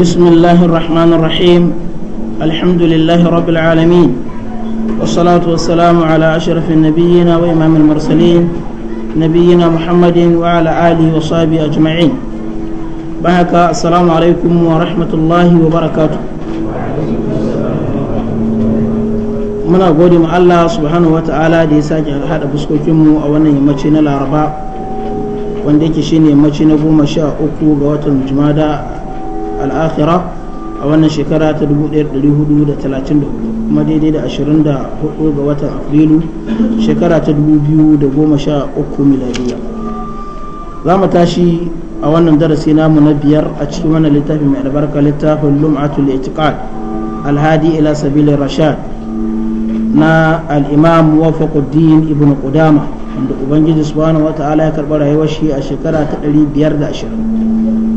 بسم الله الرحمن الرحيم الحمد لله رب العالمين والصلاة والسلام على أشرف النبيين وإمام المرسلين نبينا محمد وعلى آله وصحبه أجمعين بحك السلام عليكم ورحمة الله وبركاته من أقول مع الله سبحانه وتعالى دي ساجع الحد بسكوكم أولا يمتشين الأربعة wanda yake shine yammaci na goma sha uku ga watan jumada al'akhira a wannan shekara ta 1434 kuma daidai da 24 ga watan afrilu shekara ta 2013 miladiya za mu tashi a wannan darasi namu na biyar a cikin wannan littafi mai albarka littafin lum'atul itiqad alhadi ila sabili rashad na al'imam wafaquddin ibn qudama wanda ubangiji subhanahu wata'ala ya karɓi rayuwar shi a shekara ta 520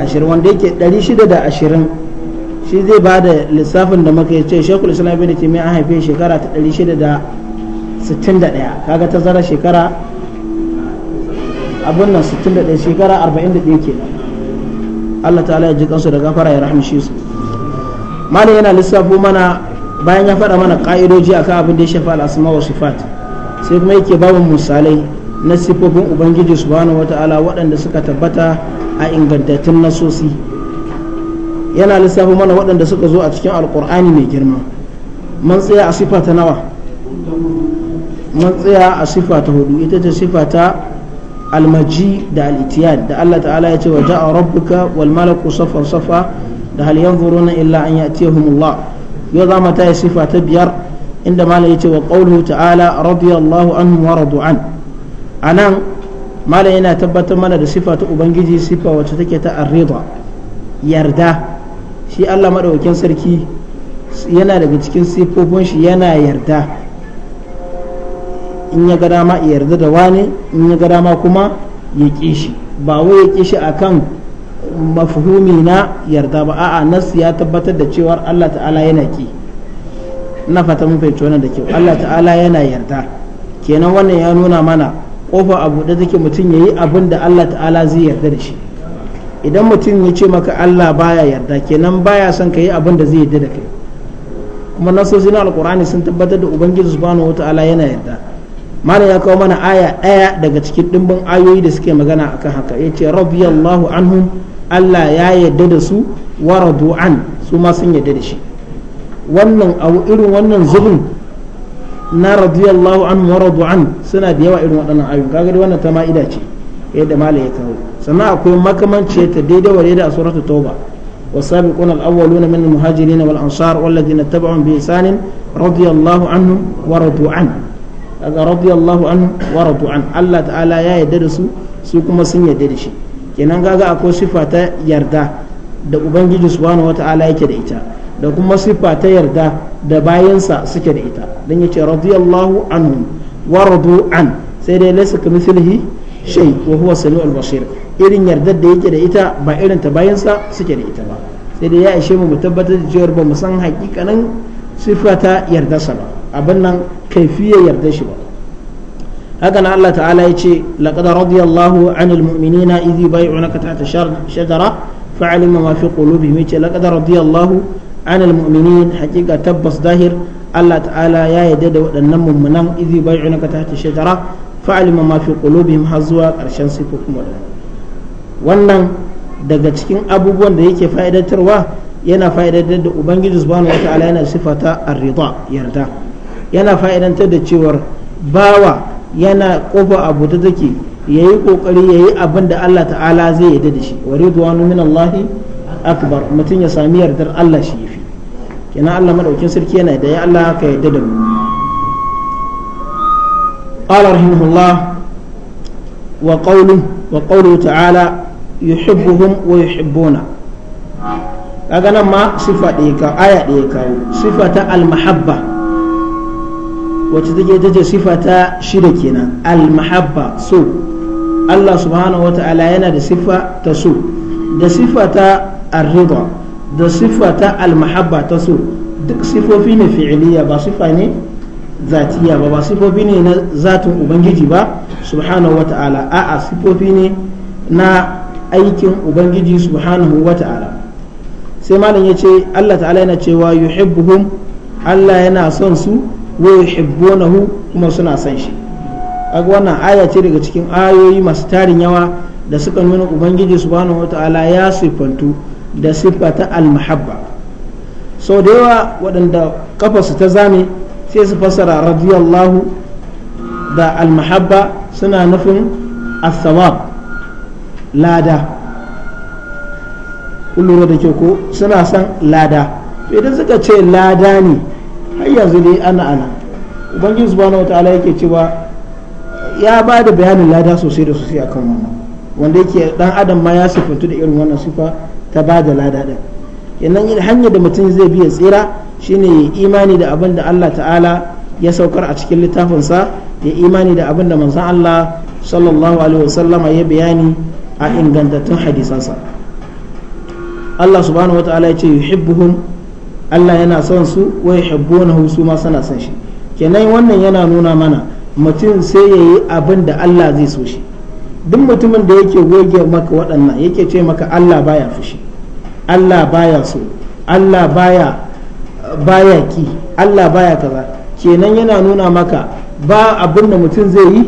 ashirin wanda yake ɗari shida da ashirin shi zai ba da lissafin da muka ce shekul islam bin taimiyya an haife shekara ta ɗari shida da sittin da ɗaya kaga tazara shekara abin nan sittin da ɗaya shekara arba'in da ɗaya Allah ta'ala ya ji kansu da gafara ya shi su mana yana lissafo mana bayan ya faɗa mana ƙa'idoji akan abin da ya shafa al'asma wa sifat sai kuma yake babin misalai na siffofin ubangiji subhanahu wata'ala waɗanda suka tabbata a ingantattun nasosi yana lissafi mana waɗanda suka zo a cikin alkur'ani mai girma man tsaya a sifata ta nawa man tsaya a ta hudu ita ce sifa ta almaji da al'itiyad da Allah ta'ala ya ce wa ja'a rabbuka wal malaku safar safa da hal yanzuruna illa an ya'tiyahumullah yau za mata ya sifa ta biyar inda malai ya ce wa qawluhu ta'ala radiyallahu anhum wa radu an a nan malam yana tabbatar mana da sifa ta ubangiji sifa wacce take ta arriba yarda shi allah maɗaukin sarki yana daga cikin siffofin shi yana yarda in ya ga dama yarda da wani in ya ga dama kuma ya ƙi shi ba wai ya ƙi shi kan mafuhumi na yarda ba a'a nas ya tabbatar da cewar Allah ta'ala yana ƙi na fata mun fahimci da kyau Allah ta'ala yana yarda kenan wannan ya nuna mana kofa a buɗe take mutum ya yi abin da Allah ta'ala zai yarda da shi idan mutum ya ce maka Allah baya yarda kenan baya son ka yi abin da zai yarda da kai kuma nasosi na alkur'ani sun tabbatar da ubangiji subhanahu wataala yana yarda malam ya kawo mana aya ɗaya daga cikin ɗimbin ayoyi da suke magana akan haka ya ce radiyallahu anhum Allah ya yarda da su wa an su ma sun yarda da shi wannan abu irin wannan zubin na radiyallahu an waradu an suna da yawa irin waɗannan ayyukan kaga dai wannan ta ma'ida ce yadda mala ya kawo sannan akwai makamanci ta daidai ware da suratu tauba wa sabiqun al awwaluna min al muhajirin wal ansar na ladina tabi'un bi ihsan radiyallahu anhum waradu an daga radiyallahu an waradu an Allah ta'ala ya yarda da su su kuma sun yarda da shi kenan kaga akwai sifa ta yarda da ubangiji subhanahu wata'ala yake da ita da kuma siffa ta yarda da bayansa suke da ita don ya ce radiyallahu anhu wa radu an sai dai laysa kamithlihi shay wa huwa samiul basir irin yarda da yake da ita ba irin ta bayansa suke da ita ba sai dai ya ishe mu mu tabbatar da cewa ba mu san hakikanin siffa ta yardarsa ba abin nan kaifiyar yarda shi ba hakan na Allah ta'ala ya ce laqad radiyallahu anil mu'minina idh yubay'unaka tahta shajara fa'alima ma fi qulubihim ya ce laqad radiyallahu anil mu'minin haƙiƙa tabbas zahir Allah ta'ala ya yarda da waɗannan mummunan idhi bai'unaka tahta shajara fa'alima ma fi qulubihim har zuwa ƙarshen sifofin waɗannan wannan daga cikin abubuwan da yake fa'idatarwa yana fa'idatar da ubangiji subhanahu ta'ala yana sifata ar-rida yarda yana fa'idantar da cewar bawa yana kofa abu ta take yayi kokari yayi abin da Allah ta'ala zai yarda da shi wa ridwanu min akbar mutum ya sami yardar Allah shi yafi kenan Allah madaukin sarki yana da ya Allah ka yarda da mu qala rahimahullah wa qawlu wa qawlu ta'ala yuhibbuhum wa yuhibbuna kaga nan ma sifa ɗaya ka aya ɗaya kawo sifa ta almahabba wacce take ta ce sifa ta shida kenan almahabba so Allah subhanahu wa ta'ala yana da sifa ta so da sifa ta arriba da siffa ta almahabba ta so duk sifofi ne fi'iliya ba siffa ne zatiya ba ba sifofi ne na zatin ubangiji ba subhanahu wata'ala a sifofi ne na aikin ubangiji subhanahu wata'ala sai malam ya ce Allah ta'ala yana cewa yuhibbuhum Allah yana son su wa yuhibbunahu kuma suna son shi kaga wannan aya ce daga cikin ayoyi masu tarin yawa da suka nuna ubangiji subhanahu wata'ala ya sifantu da siffa ta almahabba sau da yawa waɗanda kafarsu ta zame sai su fassara radiyallahu da almahabba suna nufin sawab lada kullum da ke ko suna son lada idan suka ce lada ne har yanzu dai ana ana ubangiji subhanahu wa ta'ala yake cewa ya ba da bayanin lada sosai da sosai a wannan wanda yake dan adam ma ya sifantu da irin wannan sifa ta ba da lada din kenan hanyar da mutum zai biya tsira shine ya imani da abin da Allah ta'ala ya saukar a cikin littafinsa ya imani da abin da manzon Allah sallallahu alaihi wasallama ya bayani a ingantattun hadisansa Allah subhanahu wataala ya ce yuhibbuhum Allah yana son su wa yuhibbunahu su ma suna son shi kenan wannan yana nuna mana mutum sai ya yi abin da Allah zai so shi duk mutumin da yake goge maka waɗannan yake ce maka Allah baya fushi Allah baya so Allah baya baya ki Allah baya kaza kenan yana nuna maka ba abin da mutum zai yi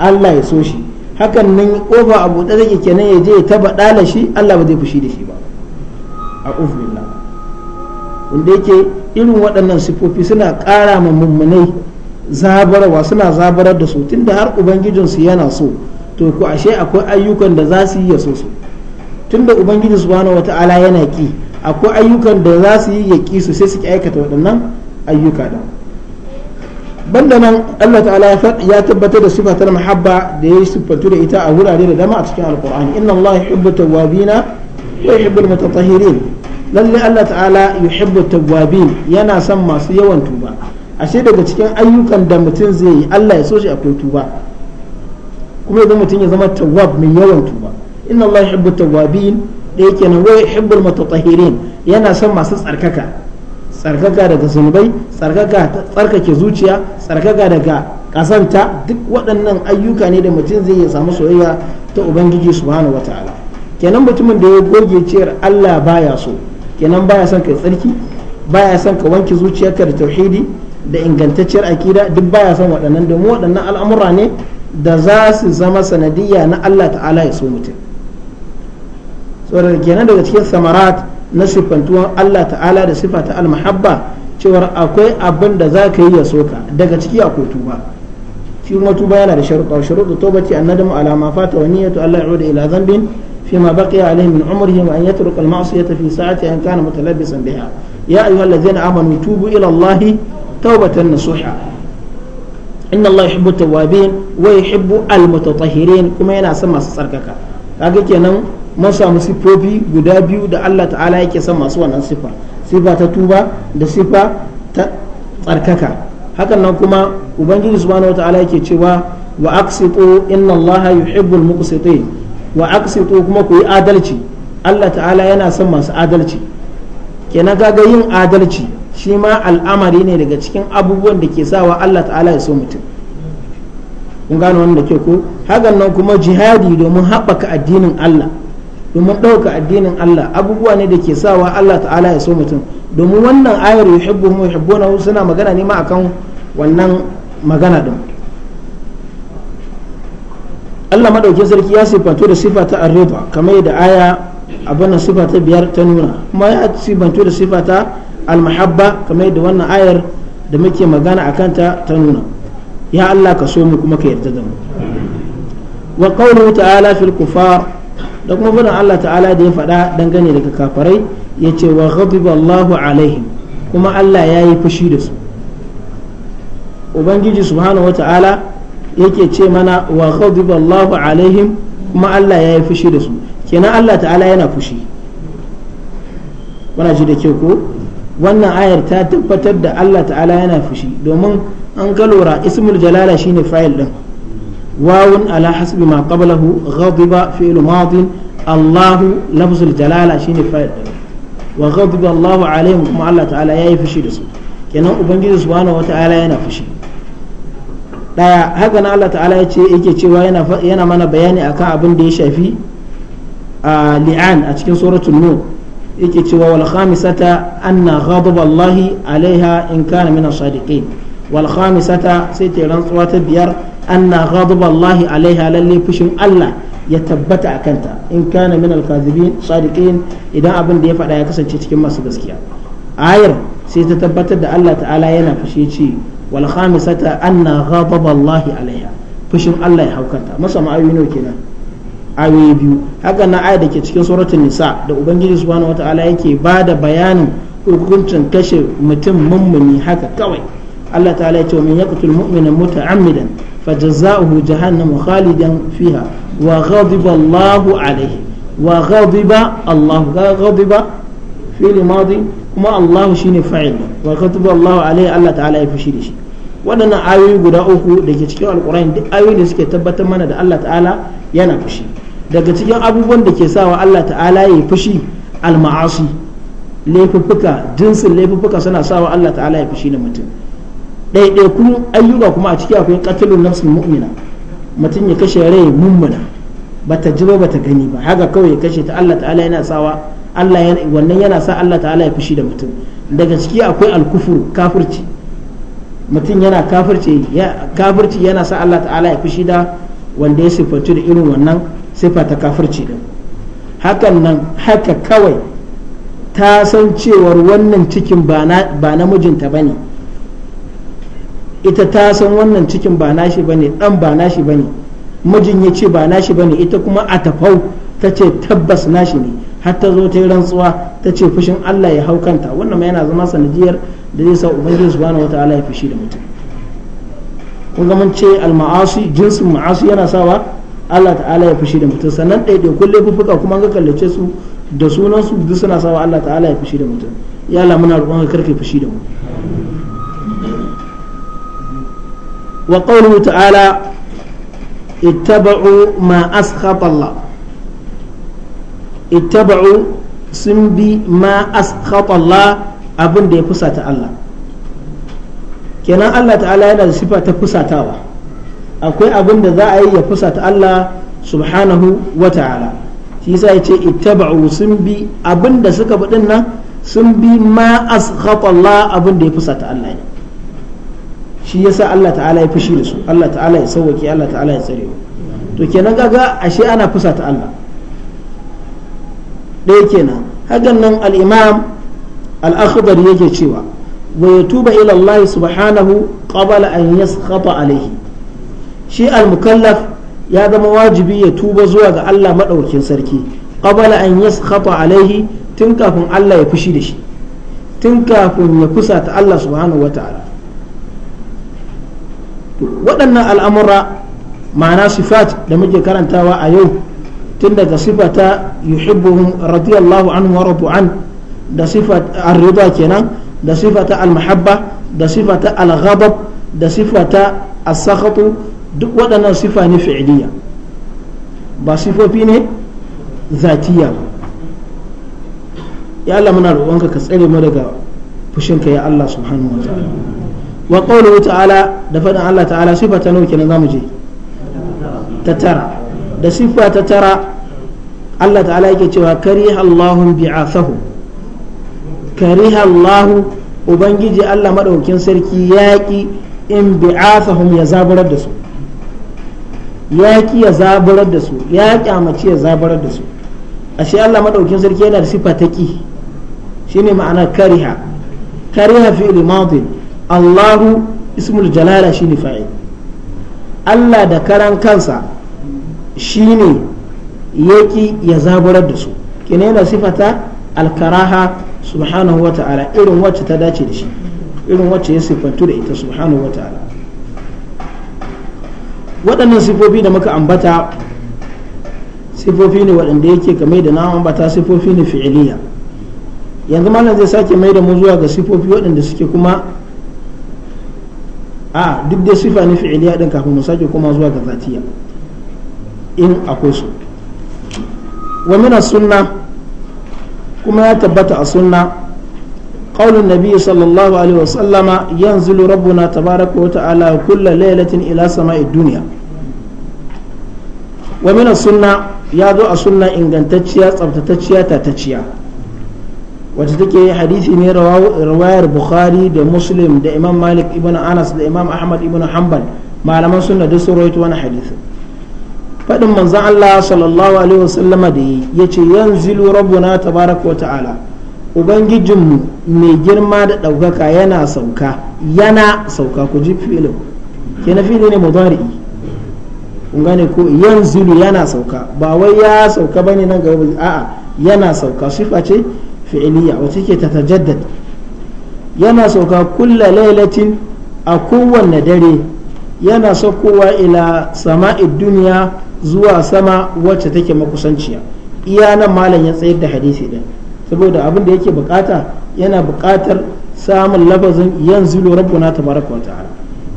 Allah ya so shi hakan nan kofa abu da zai kenan ya je ya taba dala shi Allah ba zai fushi da shi ba a billah wanda yake irin waɗannan sifofi suna ƙara ma mummunai zabarwa suna zabarar da su tunda har ubangijinsu yana so to ku ashe akwai ayyukan da za su yi ya so su tun tunda ubangiji subhanahu wata'ala yana ki akwai ayyukan da za su yi ya ki su sai su aikata waɗannan ayyuka da banda nan Allah ta'ala ya tabbatar da sifatar mahabba da ya yi siffatu da ita a wurare da dama a cikin alqur'ani inna Allah yuhibbu tawwabina wa yuhibbu almutatahhirin lalle Allah ta'ala yuhibbu tawwabin yana son masu yawan tuba ashe daga cikin ayyukan da mutum zai yi Allah ya so shi akwai tuba kuma idan mutum ya zama tawwab mai yawan tuba inna Allah yuhibbu tawwabin da yake nan wai yuhibbul mutatahhirin yana son masu tsarkaka tsarkaka daga zunubai tsarkaka tsarkake zuciya tsarkaka daga kasanta duk waɗannan ayyuka ne da mutum zai ya samu soyayya ta ubangiji subhanahu wataala kenan mutumin da ya goge ciyar Allah baya so kenan baya son kai tsarki baya son ka wanke zuciyarka da tauhidi da ingantacciyar akida duk baya son waɗannan domin waɗannan al'amura ne da za su zama sanadiyya na Allah ta'ala ya so mutum tsoron kenan daga cikin samarat na siffantuwan Allah ta'ala da siffa ta almahabba cewar akwai abin da za yi ya sauka daga ciki akwai tuba shi kuma tuba yana da sharuɗa sharuɗa to bace an nadamu ala ma fata wani yato Allah ya ruda ila zambin fi ma baqiya alaihi min umrihi wa an yatruk al ma'siyata fi sa'ati an kana mutalabbisan biha ya ayuha allazina amanu tubu ila Allah tawbatan nasuha إن الله يحب التوابين ويحب المتطهرين كما ينعسى ما سسرقك أقول mun samu siffofi guda biyu da Allah ta'ala yake son masu wannan siffa siffa ta tuba da siffa ta tsarkaka hakan nan kuma ubangiji subhanahu wata'ala yake cewa wa aqsitu inna Allah yuhibbul muqsitin wa aqsitu kuma ku yi adalci Allah ta'ala yana son masu adalci kenan kaga yin adalci shi ma al'amari ne daga cikin abubuwan da ke sawa Allah ta'ala ya so mutum kun gano wannan ke ko hakan nan kuma jihadi domin haɓaka addinin Allah domin ɗauka addinin Allah abubuwa ne da ke sawa Allah ta'ala ya so mutum domin wannan ayar yuhibbuhum yuhibbunahu suna magana ne ma akan wannan magana din Allah madaukin sarki ya sifanto da sifa ta arriba kamar yadda aya abin sifa ta biyar ta nuna kuma ya sifanto da sifa ta almahabba kamar yadda wannan ayar da muke magana a kanta ta nuna ya Allah ka so mu kuma ka yarda da mu wa qawluhu ta'ala fil kufar da kuma barin Allah ta'ala da ya faɗa dangane daga kafarai ya ce wa ghadiba Allahu alaihim kuma Allah ya yi fushi da su ubangiji subhanahu wa ta'ala yake ce mana wa ghadiba Allahu alaihim kuma Allah ya yi fushi da su kenan Allah ta'ala yana fushi wana ji da ke ko wannan ayar ta tabbatar da Allah ta'ala yana fushi domin an kalora ismul jalala shine fa'il din واو على حسب ما قبله غضب فعل ماض الله لفظ الجلالة شيني فاعل وغضب الله عليهم كما الله تعالى يا فشي دسو kenan ubangiji subhanahu wataala yana fushi daya haka na Allah ta'ala yace yake cewa yana yana mana bayani akan abin da ya shafi a li'an a cikin suratul nur yake cewa wal khamisata anna ghadab Allah alaiha in kana min as-sadiqin wal khamisata sai ta rantsuwa ta biyar anna ghadab Allah alaiha lalle fushin Allah ya tabbata a kanta in kana min al-kadhibin sadiqin idan abin da ya faɗa ya kasance cikin masu gaskiya ayar sai ta tabbatar da Allah ta'ala yana fushi ce wal khamisata anna ghadab Allah alaiha fushin Allah ya haukanta masa ma'ayoyi kenan ayoyi biyu haka na aya da ke cikin suratul nisa da ubangiji subhanahu wataala yake bada bayanin hukuncin kashe mutum mummuni haka kawai Allah ta'ala ya ce min yaqtul mu'mina muta'ammidan fajaza'uhu jahannamu khalidan fiha wa ghadiba Allahu alayhi wa ghadiba Allah ga ghadiba fi'l madi kuma Allah shine fa'il wa ghadiba Allah alayhi Allah ta'ala ya fushi da shi waɗannan ayoyi guda uku da ke cikin alkur'ani duk ayoyi ne suke tabbatar mana da Allah ta'ala yana fushi daga cikin abubuwan da ke sawa Allah ta'ala ya fushi al-ma'asi laifuffuka jinsin laifuffuka suna sawa Allah ta'ala ya fushi da mutum ɗaiɗaikun ayyuka kuma a ciki akwai katilun nafsin mu'mina mutum ya kashe rai mummuna bata ji ba bata gani ba haka kawai ya kashe ta Allah ta'ala yana sawa Allah wannan yana sa Allah ta'ala ya fushi da mutum daga ciki akwai alkufur kafirci mutum yana kafirci kafirci yana sa Allah ta'ala ya fushi da wanda ya sifatu da irin wannan sifa ta kafirci din hakan nan haka kawai ta san cewar wannan cikin ba na mijinta bane ita ta san wannan cikin ba nashi bane dan ba nashi bane mijin ya ce ba nashi bane ita kuma a tafau ta ce tabbas nashi ne har ta zo ta yi rantsuwa ta ce fushin Allah ya hau kanta wannan ma yana zama sanadiyar da zai sa ubangiji subhanahu wataala ya fushi da mutum kun ga mun ce al-ma'asi jinsin ma'asi yana sawa Allah ta'ala ya fushi da mutum sannan ɗaya kullum fufuka kuma ga kallace su da sunan su duk suna sawa Allah ta'ala ya fushi da mutum ya muna roƙon ka karfe fushi da mu wa تعالى ta'ala ما ma الله Allah سنبي sun bi ma أبن Allah abin da ya fusata Allah kenan Allah ta'ala yana da sifa ta fusatawa akwai abin da za a yi ya fusata Allah subhanahu wa ta'ala shi yasa ya ce ittaba'u sun bi abin da suka bi sun bi ma Allah abin da ya fusata Allah shi yasa Allah ta'ala ya fushi da su Allah ta'ala ya sauwake Allah ta'ala ya tsare to kenan kaga ashe ana fusa ta Allah ɗaya kenan hakan nan al-imam al-akhdari yake cewa wa yatuba ila Allah subhanahu qabla an yaskhata alayhi shi al-mukallaf ya zama wajibi ya tuba zuwa ga Allah madaukin sarki qabla an yaskhata alayhi tun kafin Allah ya fushi da shi tun kafin ya kusa ta Allah subhanahu wa ta'ala. waɗannan al'amura ma'ana sifat da muke karantawa a yau tun daga sifata yuhibbuhum radiyallahu anhu wa radu da sifat ar-rida kenan da sifata al-mahabba da sifata al-ghadab da sifata as-sakhat duk waɗannan sifa ne fi'liya ba sifofi ne zatiya ba ya Allah muna roƙonka ka tsare mu daga fushinka ya Allah subhanahu wa ta'ala wa qawluhu ta'ala da faɗin Allah ta'ala sifa ta nawa kenan zamu je ta tara da sifa ta tara Allah ta'ala yake cewa kariha Allahu bi'athahu kariha Allahu ubangiji Allah madaukin sarki yaƙi in bi'athahum ya zaburar da su yaƙi ya zaburar da su ya kyamaci ya zaburar da su ashe Allah madaukin sarki yana da sifa ta ki shine ma'ana kariha kariha fi'il madin Allahu ismul jalala shine fa'il Allah da karan kansa shine yaki ya zaburar da su kina yana sifata alkaraha subhanahu wa ta'ala irin wacce ta dace da shi irin wacce ya sifantu da ita subhanahu wa ta'ala waɗannan sifofi da muka ambata sifofi ne waɗanda yake kame da na ambata sifofi ne fi'iliya yanzu malam zai sake mai da mu zuwa ga sifofi waɗanda suke kuma a ah, duk dai sifa fi'ili fi'iliya din kafin mu sake kuma zuwa ga zatiya in akwai su wa min sunna kuma ya tabbata a sunna qaulun nabi sallallahu alaihi wasallama yanzilu rabbuna tabaraka wa ta'ala kullu lailatin ila sama'i dunya wa min sunna ya zo a sunna ingantacciya tsaftatacciya tatacciya wacce take hadisi ne rawayar bukhari da muslim da imam malik ibn anas da imam ahmad ibn hanbal malaman sunna duk sun rawaito wani hadisi fadin manzon Allah sallallahu alaihi wasallam da yace yanzilu rabbuna tabaraka wa ta'ala mu mai girma da daukaka yana sauka yana sauka ku ji filin ke na fili ne mudari kun gane ko yanzilu yana sauka ba wai ya sauka bane nan gaba a'a yana sauka sifa ce fi'iliya wacce ke ta tajaddad yana sauka kulla lailatin a kowanne dare yana saukowa ila sama'i duniya zuwa sama wacce take makusanciya iya nan malam ya tsayar da hadisi din saboda abin da yake bukata yana bukatar samun lafazin yanzu rabbuna tabaraka wa ta'ala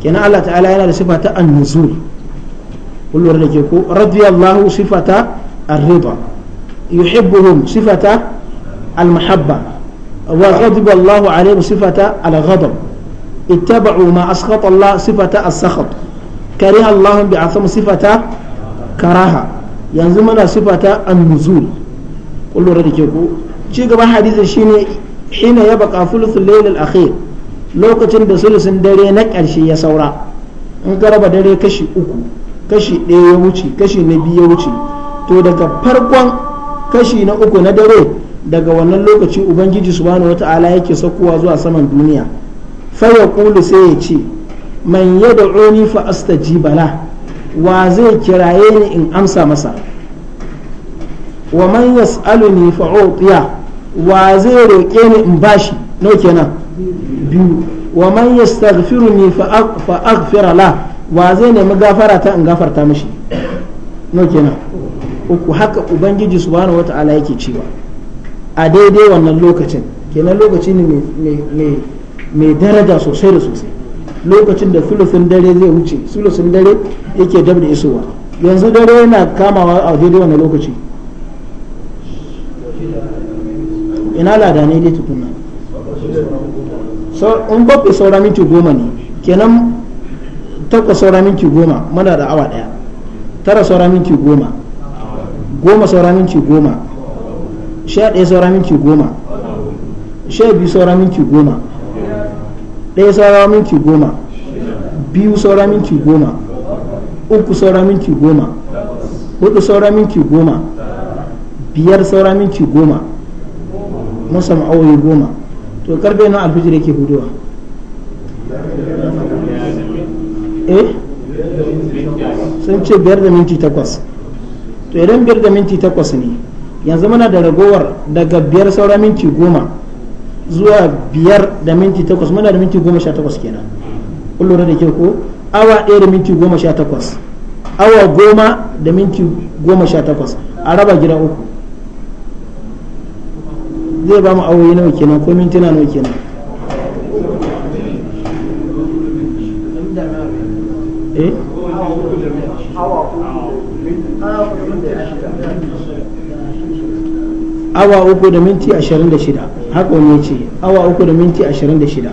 kenan Allah ta'ala yana da sifa ta an-nuzul da ke ko radiyallahu sifata ar-ridha yuhibbuhum sifata المحبة وغضب الله عليه صفة الغضب اتبعوا ما أسخط الله صفة السخط كره الله بعثم صفة كراهة ينزمنا صفة النزول قل له ردي كيكو شي غبا حديث شيني حين يبقى ثلث الليل الأخير lokacin da sulusun dare na ƙarshe ya saura in ka raba dare kashi uku kashi ɗaya ya wuce kashi na biyu ya wuce to daga farkon kashi na uku na dare daga wannan lokaci ubangiji subhanahu wata'ala yake saukowa zuwa saman duniya fa Kulu sai ya ce man yad'uni fa astajiba la wa zai kiraye ni in amsa masa wa man ni fa utiya wa zai roƙe ni in bashi no kenan biyu wa man ni fa aghfira la wa zai nemi gafara ta in gafarta mishi no kenan uku haka ubangiji subhanahu wata'ala yake cewa a daidai wannan lokacin kenan lokaci ne mai daraja sosai da sosai lokacin da filofin dare zai wuce filofin dare yake dab da isowa yanzu dare yana kamawa a daidai wannan lokaci ina lada ne dai tukuna in bakwai saura minti goma ne kenan takwas saura minti goma mana da awa daya tara saura minti goma goma saura minti goma sha ɗaya saura minti goma sha biyu saura minti goma ɗaya saura minti goma biyu saura minti goma uku saura minti goma hudu saura minti goma biyar saura minti goma masa ma'awoyi goma to karfe na alfijir yake hudowa eh sun ce biyar da minti takwas to idan biyar da minti takwas ne yanzu muna da ragowar daga biyar saura minti goma zuwa biyar da minti takwas muna da minti goma sha takwas kenan kun lura da ke ko awa ɗaya da minti goma sha takwas awa goma da minti goma sha takwas a raba gida uku zai ba mu awoyi nawa kenan ko mintuna nawa kenan eh awa uku da minti ashirin da shida haka wani ya ce awa uku da minti ashirin da shida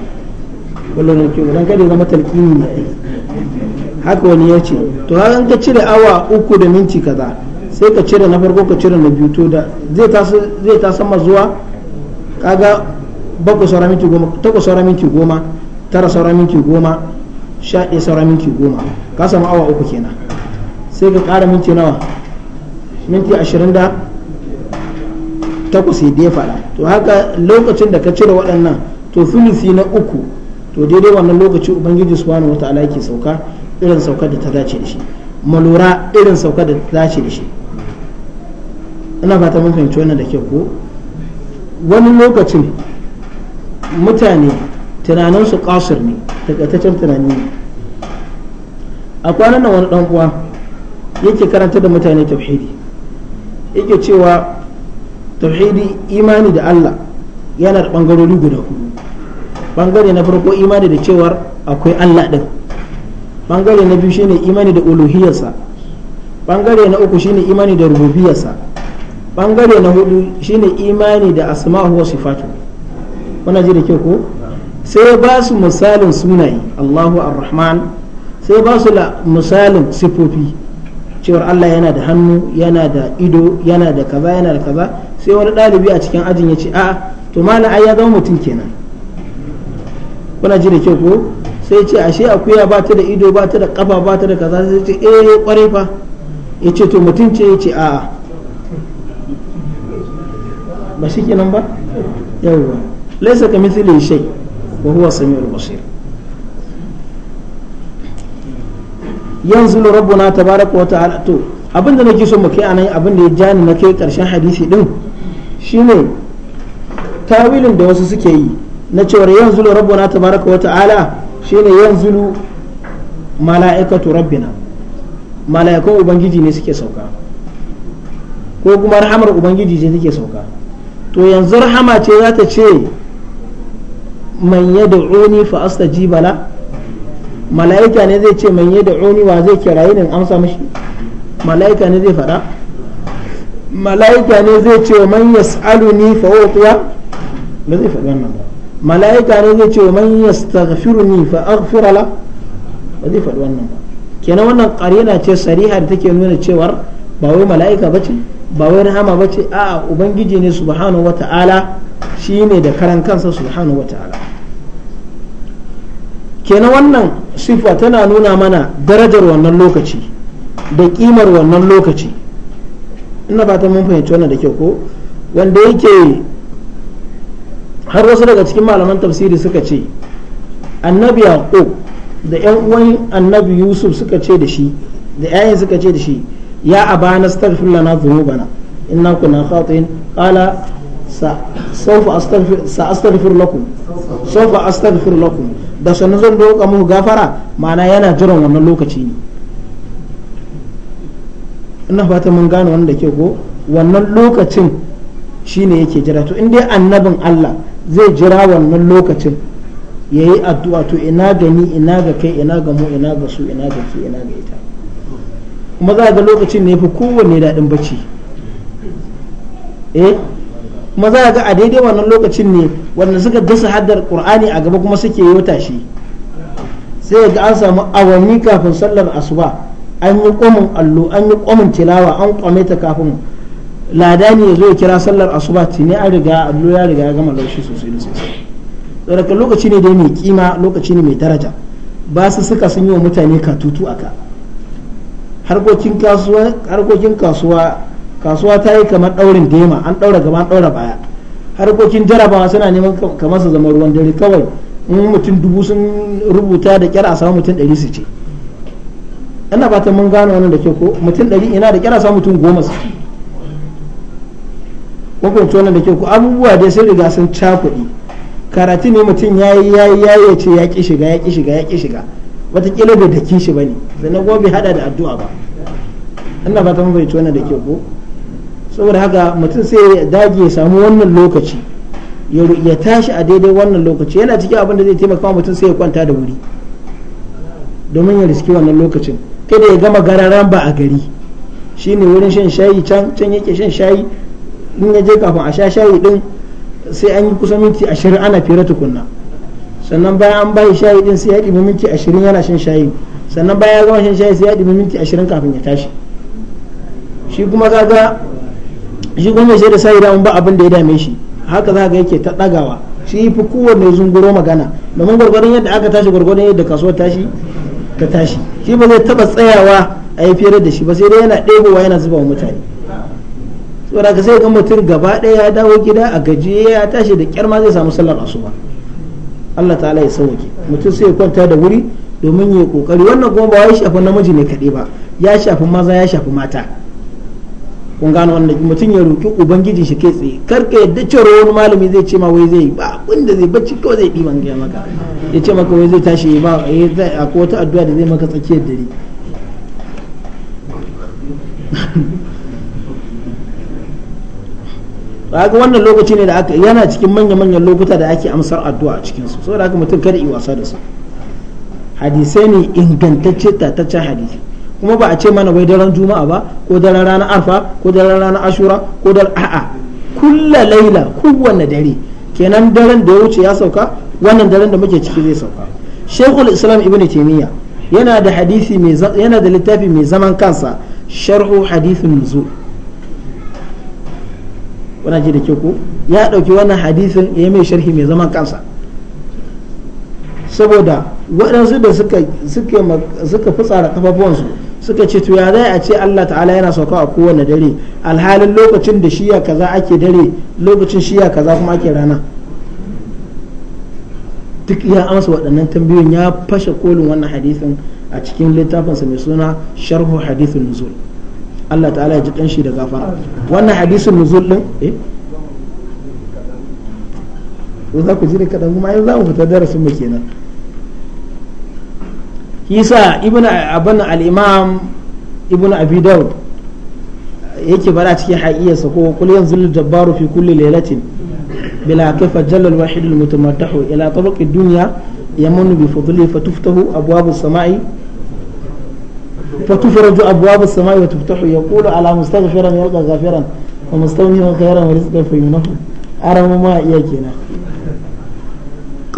kullum na kyau don kada zama talƙini ne haka wani ya ce to hakan ka cire awa uku da minti kaza sai ka cire na farko ka cire na biyu to da zai ta sama zuwa kaga bakwai saura minti goma takwas saura minti goma tara saura minti goma sha ɗaya saura minti goma ka samu awa uku kenan sai ka ƙara minti nawa minti ashirin da takwas da ya faɗa to haka lokacin da ka cire waɗannan to thuluthi na uku to daidai wannan lokaci ubangiji subhanahu ta'ala yake sauka irin sauka da ta dace da shi malura irin sauka da ta dace da shi ina fata mun fahimci wannan da ke ko wani lokacin mutane tunaninsu kasir ne daga takaitaccen tunani ne a kwanan nan wani dan uwa yake karanta da mutane tauhidi yake cewa tauhidi imani da Allah yana da bangarori guda hudu bangare na farko imani da cewar akwai Allah din bangare na biyu shine imani da uluhiyarsa bangare na uku shine imani da rububiyarsa bangare na hudu shine imani da asma'u wa sifatu wannan ji da kyau ko sai ba su misalin sunaye Allahu ar-Rahman sai ba su misalin sifofi cewar Allah yana da hannu yana da ido yana da kaza yana da kaza sai wani ɗalibi a cikin ajin ya ce a'a to malam ai ya zama mutum kenan kuna ji da kyau ko sai ce ashe akuya ba ta da ido ba ta da kafa ba ta da kaza sai ce eh kware fa ya ce to mutum ce ya ce a'a ba shi kenan ba yawwa laisa ka shay wa huwa samiul basir yanzu rabbuna tabaraka wa ta'ala to abin da nake so mu kai anan abin da ya jani na kai karshen hadisi din shine tawilin da wasu suke yi na cewar yanzu rabbuna tabaraka wa ta'ala shine yanzu mala'ikatu rabbina mala'ikan ubangiji ne suke sauka ko kuma rahamar ubangiji ce take sauka to yanzu rahama ce za ta ce man yad'uni fa bala. mala'ika ne zai ce manye da oni wa zai kira ne amsa mashi mala'ika ne zai fada mala'ika ne zai ce man yas'aluni fa utiya ba zai fada wannan ba mala'ika ne zai ce man yastaghfiruni fa aghfira la ba zai fada wannan ba kenan wannan qarina ce sariha da take nuna cewar ba wai mala'ika bace ba wai rahama bace a'a ubangiji ne subhanahu wata'ala shine da karan kansa subhanahu wata'ala kenan wannan sifa tana nuna mana darajar wannan lokaci da kimar wannan lokaci ina ta mun fahimci wannan da kyau ko wanda yake har wasu daga cikin malaman tafsiri suka ce annabi yaƙo da yan uwan annabi yusuf suka ce da shi da yayin suka ce da shi ya abana astaghfir lana dhunubana inna kunna khatin qala sa sawfa astaghfir sa astaghfir lakum sawfa astaghfir lakum da sannu zan doka muku gafara ma'ana yana jiran wannan lokaci ne ina fata mun gane wanda ke ko wannan lokacin shine yake jira to in dai annabin Allah zai jira wannan lokacin ya yi addu'a to ina ga ni ina ga kai ina ga mu ina ga su ina ga ke ina ga ita kuma za a ga lokacin ne fi kowanne daɗin bacci eh kuma za a ga a daidai wannan lokacin ne wanda suka dasa haddar qur'ani a gaba kuma suke yota shi sai ga an samu awanni kafin sallar asuba an yi kwamin allo an yi kwamin tilawa an kwame ta kafin lada ne zo ya kira sallar asuba tuni an riga allo ya riga ya gama laushi sosai da sosai lokaci ne dai mai kima lokaci ne mai daraja ba su suka sun yi wa mutane katutu aka harkokin kasuwa kasuwa ta yi kamar ɗaurin dema an ɗaura gaba an ɗaura baya harkokin jarabawa suna neman kamar su zama ruwan dare kawai in mutum dubu sun rubuta da kyara a samu mutum ɗari su ce ina fatan mun gano wannan da ke ko mutum ɗari ina da kyara a samu mutum goma su ce hukunci wannan da ke ko abubuwa dai sai riga sun cakuɗi karatu ne mutum ya yi ya yi ya ce ya ƙi shiga ya ƙi shiga ya ƙi shiga wataƙila bai da shi ba ne sannan kuma bai haɗa da addu'a ba ina fatan mun fahimci wannan da ke ko saboda haka mutum sai ya dage ya samu wannan lokaci ya tashi a daidai wannan lokaci yana cikin abin da zai taimaka mutum sai ya kwanta da wuri domin ya riski wannan lokacin kada ya gama gararan ba a gari shi ne wurin shan shayi can can yake shan shayi in ya je kafin a sha shayi din sai an yi kusa minti ashirin ana fira tukunna sannan bayan an bayi shayi din sai ya ɗibi minti ashirin yana shan shayi sannan bayan ya gama shan shayi sai ya ɗibi minti ashirin kafin ya tashi shi kuma kaga shi kuma mai shaida sai da ba abin da ya dame shi haka za ka yake ta dagawa shi fi kowanne zunguro magana domin gwargwaron yadda aka tashi gwargwaron yadda kasuwar tashi ta tashi shi ba zai taba tsayawa a yi fere da shi ba sai dai yana ɗebowa yana zuba wa mutane saboda ka sai ga mutum gaba ɗaya ya dawo gida a gajiye ya tashi da kyar ma zai samu sallar asuba Allah ta'ala ya sauke mutum sai ya kwanta da wuri domin ya yi kokari wannan kuma ba wai shafi namiji ne kaɗai ba ya shafi maza ya shafi mata kun gano wannan mutum ya roki ubangiji shi kai tsaye kar ka yadda cewa wani malami zai ce ma wai zai yi ba wanda zai bacci kawai zai diban ga maka ya ce maka wai zai tashi ba akwai wata addu'a da zai maka tsakiyar dare haka wannan lokaci ne da aka yana cikin manya-manyan lokuta da ake amsar addu'a a cikin su saboda haka mutum kada yi wasa da su hadisai ne ingantacce tataccen hadisi kuma ba a ce mana wai daren juma'a ba ko daren ranar arfa ko daren ranar ashura ko daren a'a kulla laila kowanne dare kenan daren da ya wuce ya sauka wannan daren da muke ciki zai sauka shekul islam ibn taimiyya yana da hadisi mai yana da littafi mai zaman kansa sharhu hadithin nuzul wannan ji da ke ku ya dauki wannan hadisin ya mai sharhi mai zaman kansa saboda waɗansu da suka suka fi tsara kafafuwansu suka ce to ya zai a ce Allah ta'ala yana sauka a kowane dare alhalin lokacin da shiya kaza ake dare lokacin shiya kaza kuma ake rana duk ya amsa waɗannan tambayoyin ya fashe kolin wannan hadisin a cikin littafinsa mai suna sharhu hadithun nuzul Allah ta'ala ya ji kanshi da gafara wannan hadisin nuzul din eh za ku ji ne kaɗan kuma yanzu za mu fita darasin mu kenan kisa ibn abin al-imam ibn abi yake bara cikin haƙiyarsa ko kul yanzu jabbaru fi kulli lailatin bila kafa jalla al-wahid al-mutamaddahu ila tabaqi dunya yamunu bi fadli fatuftahu abwabu samai فتفرج أبواب السماء وتفتح يقول على مستغفرا يلقى غافرا ومستغنيا خيرا ورزقا فيمنه أرى ما إياكينا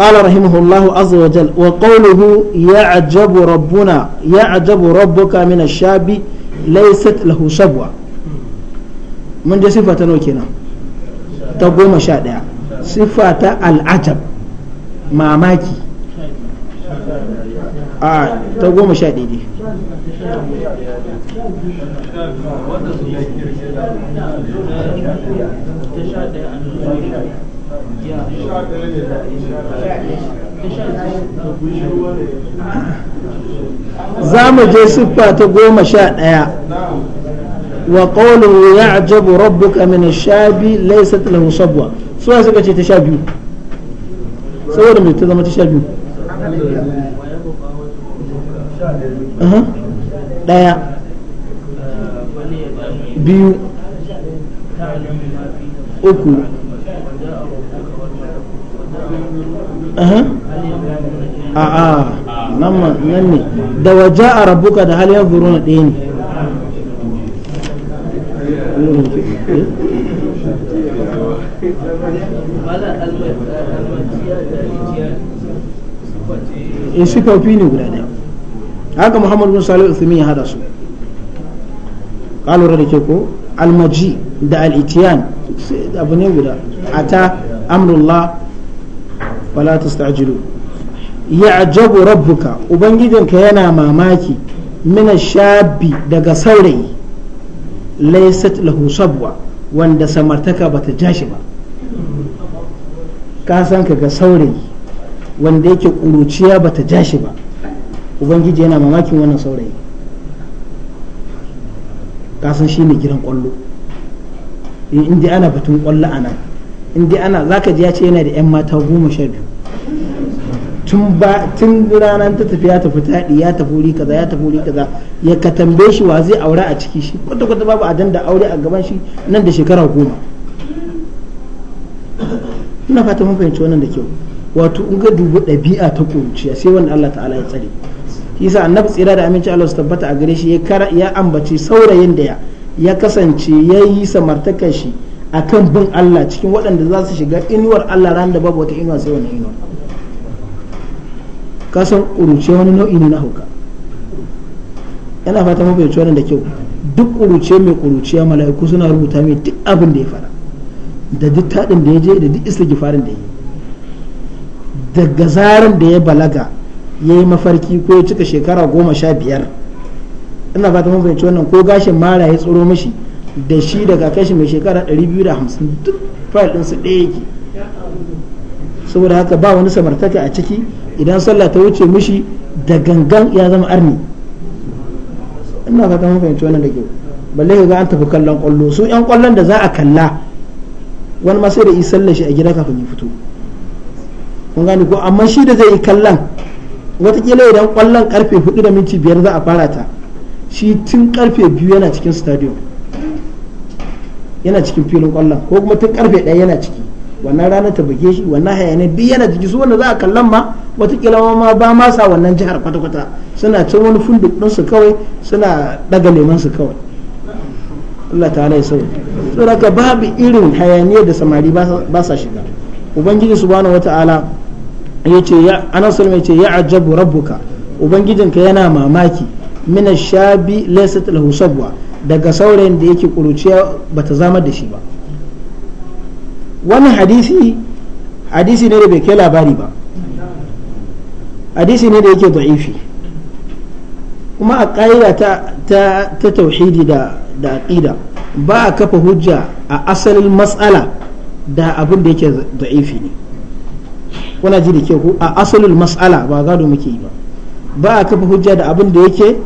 قال رحمه الله عز وجل وقوله يعجب ربنا يعجب ربك من الشاب ليست له شبوة من دي صفة نوكينا تقوم شادع صفة العجب ماماكي آه تقوم شادع دي za mu je siffa ta goma sha ɗaya wa ƙaunin ya ajabu rabbuka min shabi laysat lahu sabwa suwa suka ce ta sha biyu saboda mai ta zama ta sha biyu ɗaya biyu uku a'a nan ne da waje a rabuka da hal yanzuru na ɗaya ne eh, in ne guda haka muhammadu bin salih ya hada su kalura da ke ko almaji da al'itiyan abu ne guda amrullah wala tastajilu ya'jabu rabbuka ubangijinka yana mamaki mina shabi daga saurayi laysat lahu sabwa wanda samartaka bata ja shi ba ka san ka ga saurayi wanda yake kuruciya bata ja shi ba ubangiji yana mamakin wannan saurayi ka san shine gidan kwallo in ana batun kwallo a nan in dai ana zaka ji ya ce yana da yan mata goma sha biyu tun ba tun ranar ta tafiya ya tafi taɗi ya tafi wuri kaza ya tafi wuri kaza ya ka tambaye shi wa zai aure a ciki shi kwata kwata babu a danda aure a gaban shi nan da shekara goma ina fata mun fahimci wannan da kyau wato in ga dubu ɗabi'a ta ƙuruciya sai wanda Allah ta'ala ya tsare yasa annabi tsira da aminci Allah su tabbata a gare shi ya ambaci saurayin da ya kasance ya yi samartakar shi akan bin Allah cikin waɗanda za su shiga inuwar Allah ran da babu wata inuwa sai wani inuwa kasan ƙuruce wani nau'i ne na hauka yana fata mafi wannan da kyau duk ƙuruce mai ƙuruciya mala'iku suna rubuta mai duk abin da ya fara da duk taɗin da ya je da duk gifarin da ya yi daga zarin da ya balaga ya yi mafarki ko ya cika shekara goma sha biyar ina fata mafi wannan ko gashin mara ya tsoro mashi da shi daga kashi mai shekara 250 duk fayil ɗinsu ɗaya yake saboda haka ba wani samartaka a ciki idan sallah ta wuce mishi da gangan ya zama arni ina fata mun fahimci wannan da kyau balle ga an tafi kallon kwallo su yan kwallon da za a kalla wani ma sai da yi sallar shi a gida kafin ya fito kun gani ko amma shi da zai yi kallon watakila idan kwallon karfe 4 da minti 5 za a fara ta shi tun karfe 2 yana cikin stadium yana cikin filin kwallon ko kuma tun karfe ɗaya yana ciki wannan ranar ta buge shi wannan hayani duk yana jiki su wanda za a kallon ma watakila ma ba ma sa wannan jihar kwata-kwata suna cin wani funduk ɗinsu kawai suna daga neman su kawai Allah ta babu irin hayaniyar da samari ba sa shiga ubangiji subhanahu wata'ala ala ya anas sallallahu ce ya ajabu rabbuka ubangijinka yana mamaki min shabi laysat lahu sabwa daga saurayin da yake kuruciya ta zama da shi ba wani hadisi hadisi ne da bai kai labari ba hadisi ne da yake da'ifi kuma a ƙa'ida ta, ta, ta tauhidi da, da aƙida ba a kafa hujja a asalin matsala da abin da yake da'ifi ne kuna ji da ke ku a asalin matsala ba gado muke yi ba ba a kafa hujja da abin da yake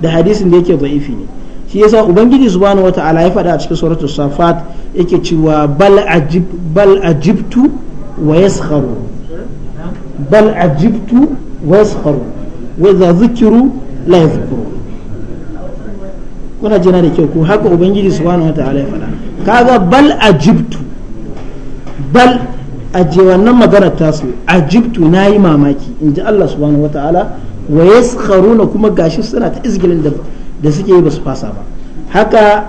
da hadisin da yake da'ifi ne shi yasa ubangiji subhanahu wata'ala ya faɗa a cikin suratul safat yake cewa bal ajib bal ajibtu wa yaskharu bal ajibtu wa yaskharu wa idza zikru la yadhkuru kuna jina da kyau ko haka ubangiji subhanahu wata'ala ya faɗa kaga bal ajibtu bal aje wannan magana tasu ajibtu nayi mamaki inji Allah subhanahu wata'ala wa yaskharuna kuma gashi suna ta izgilin da da suke yi ba su fasa ba haka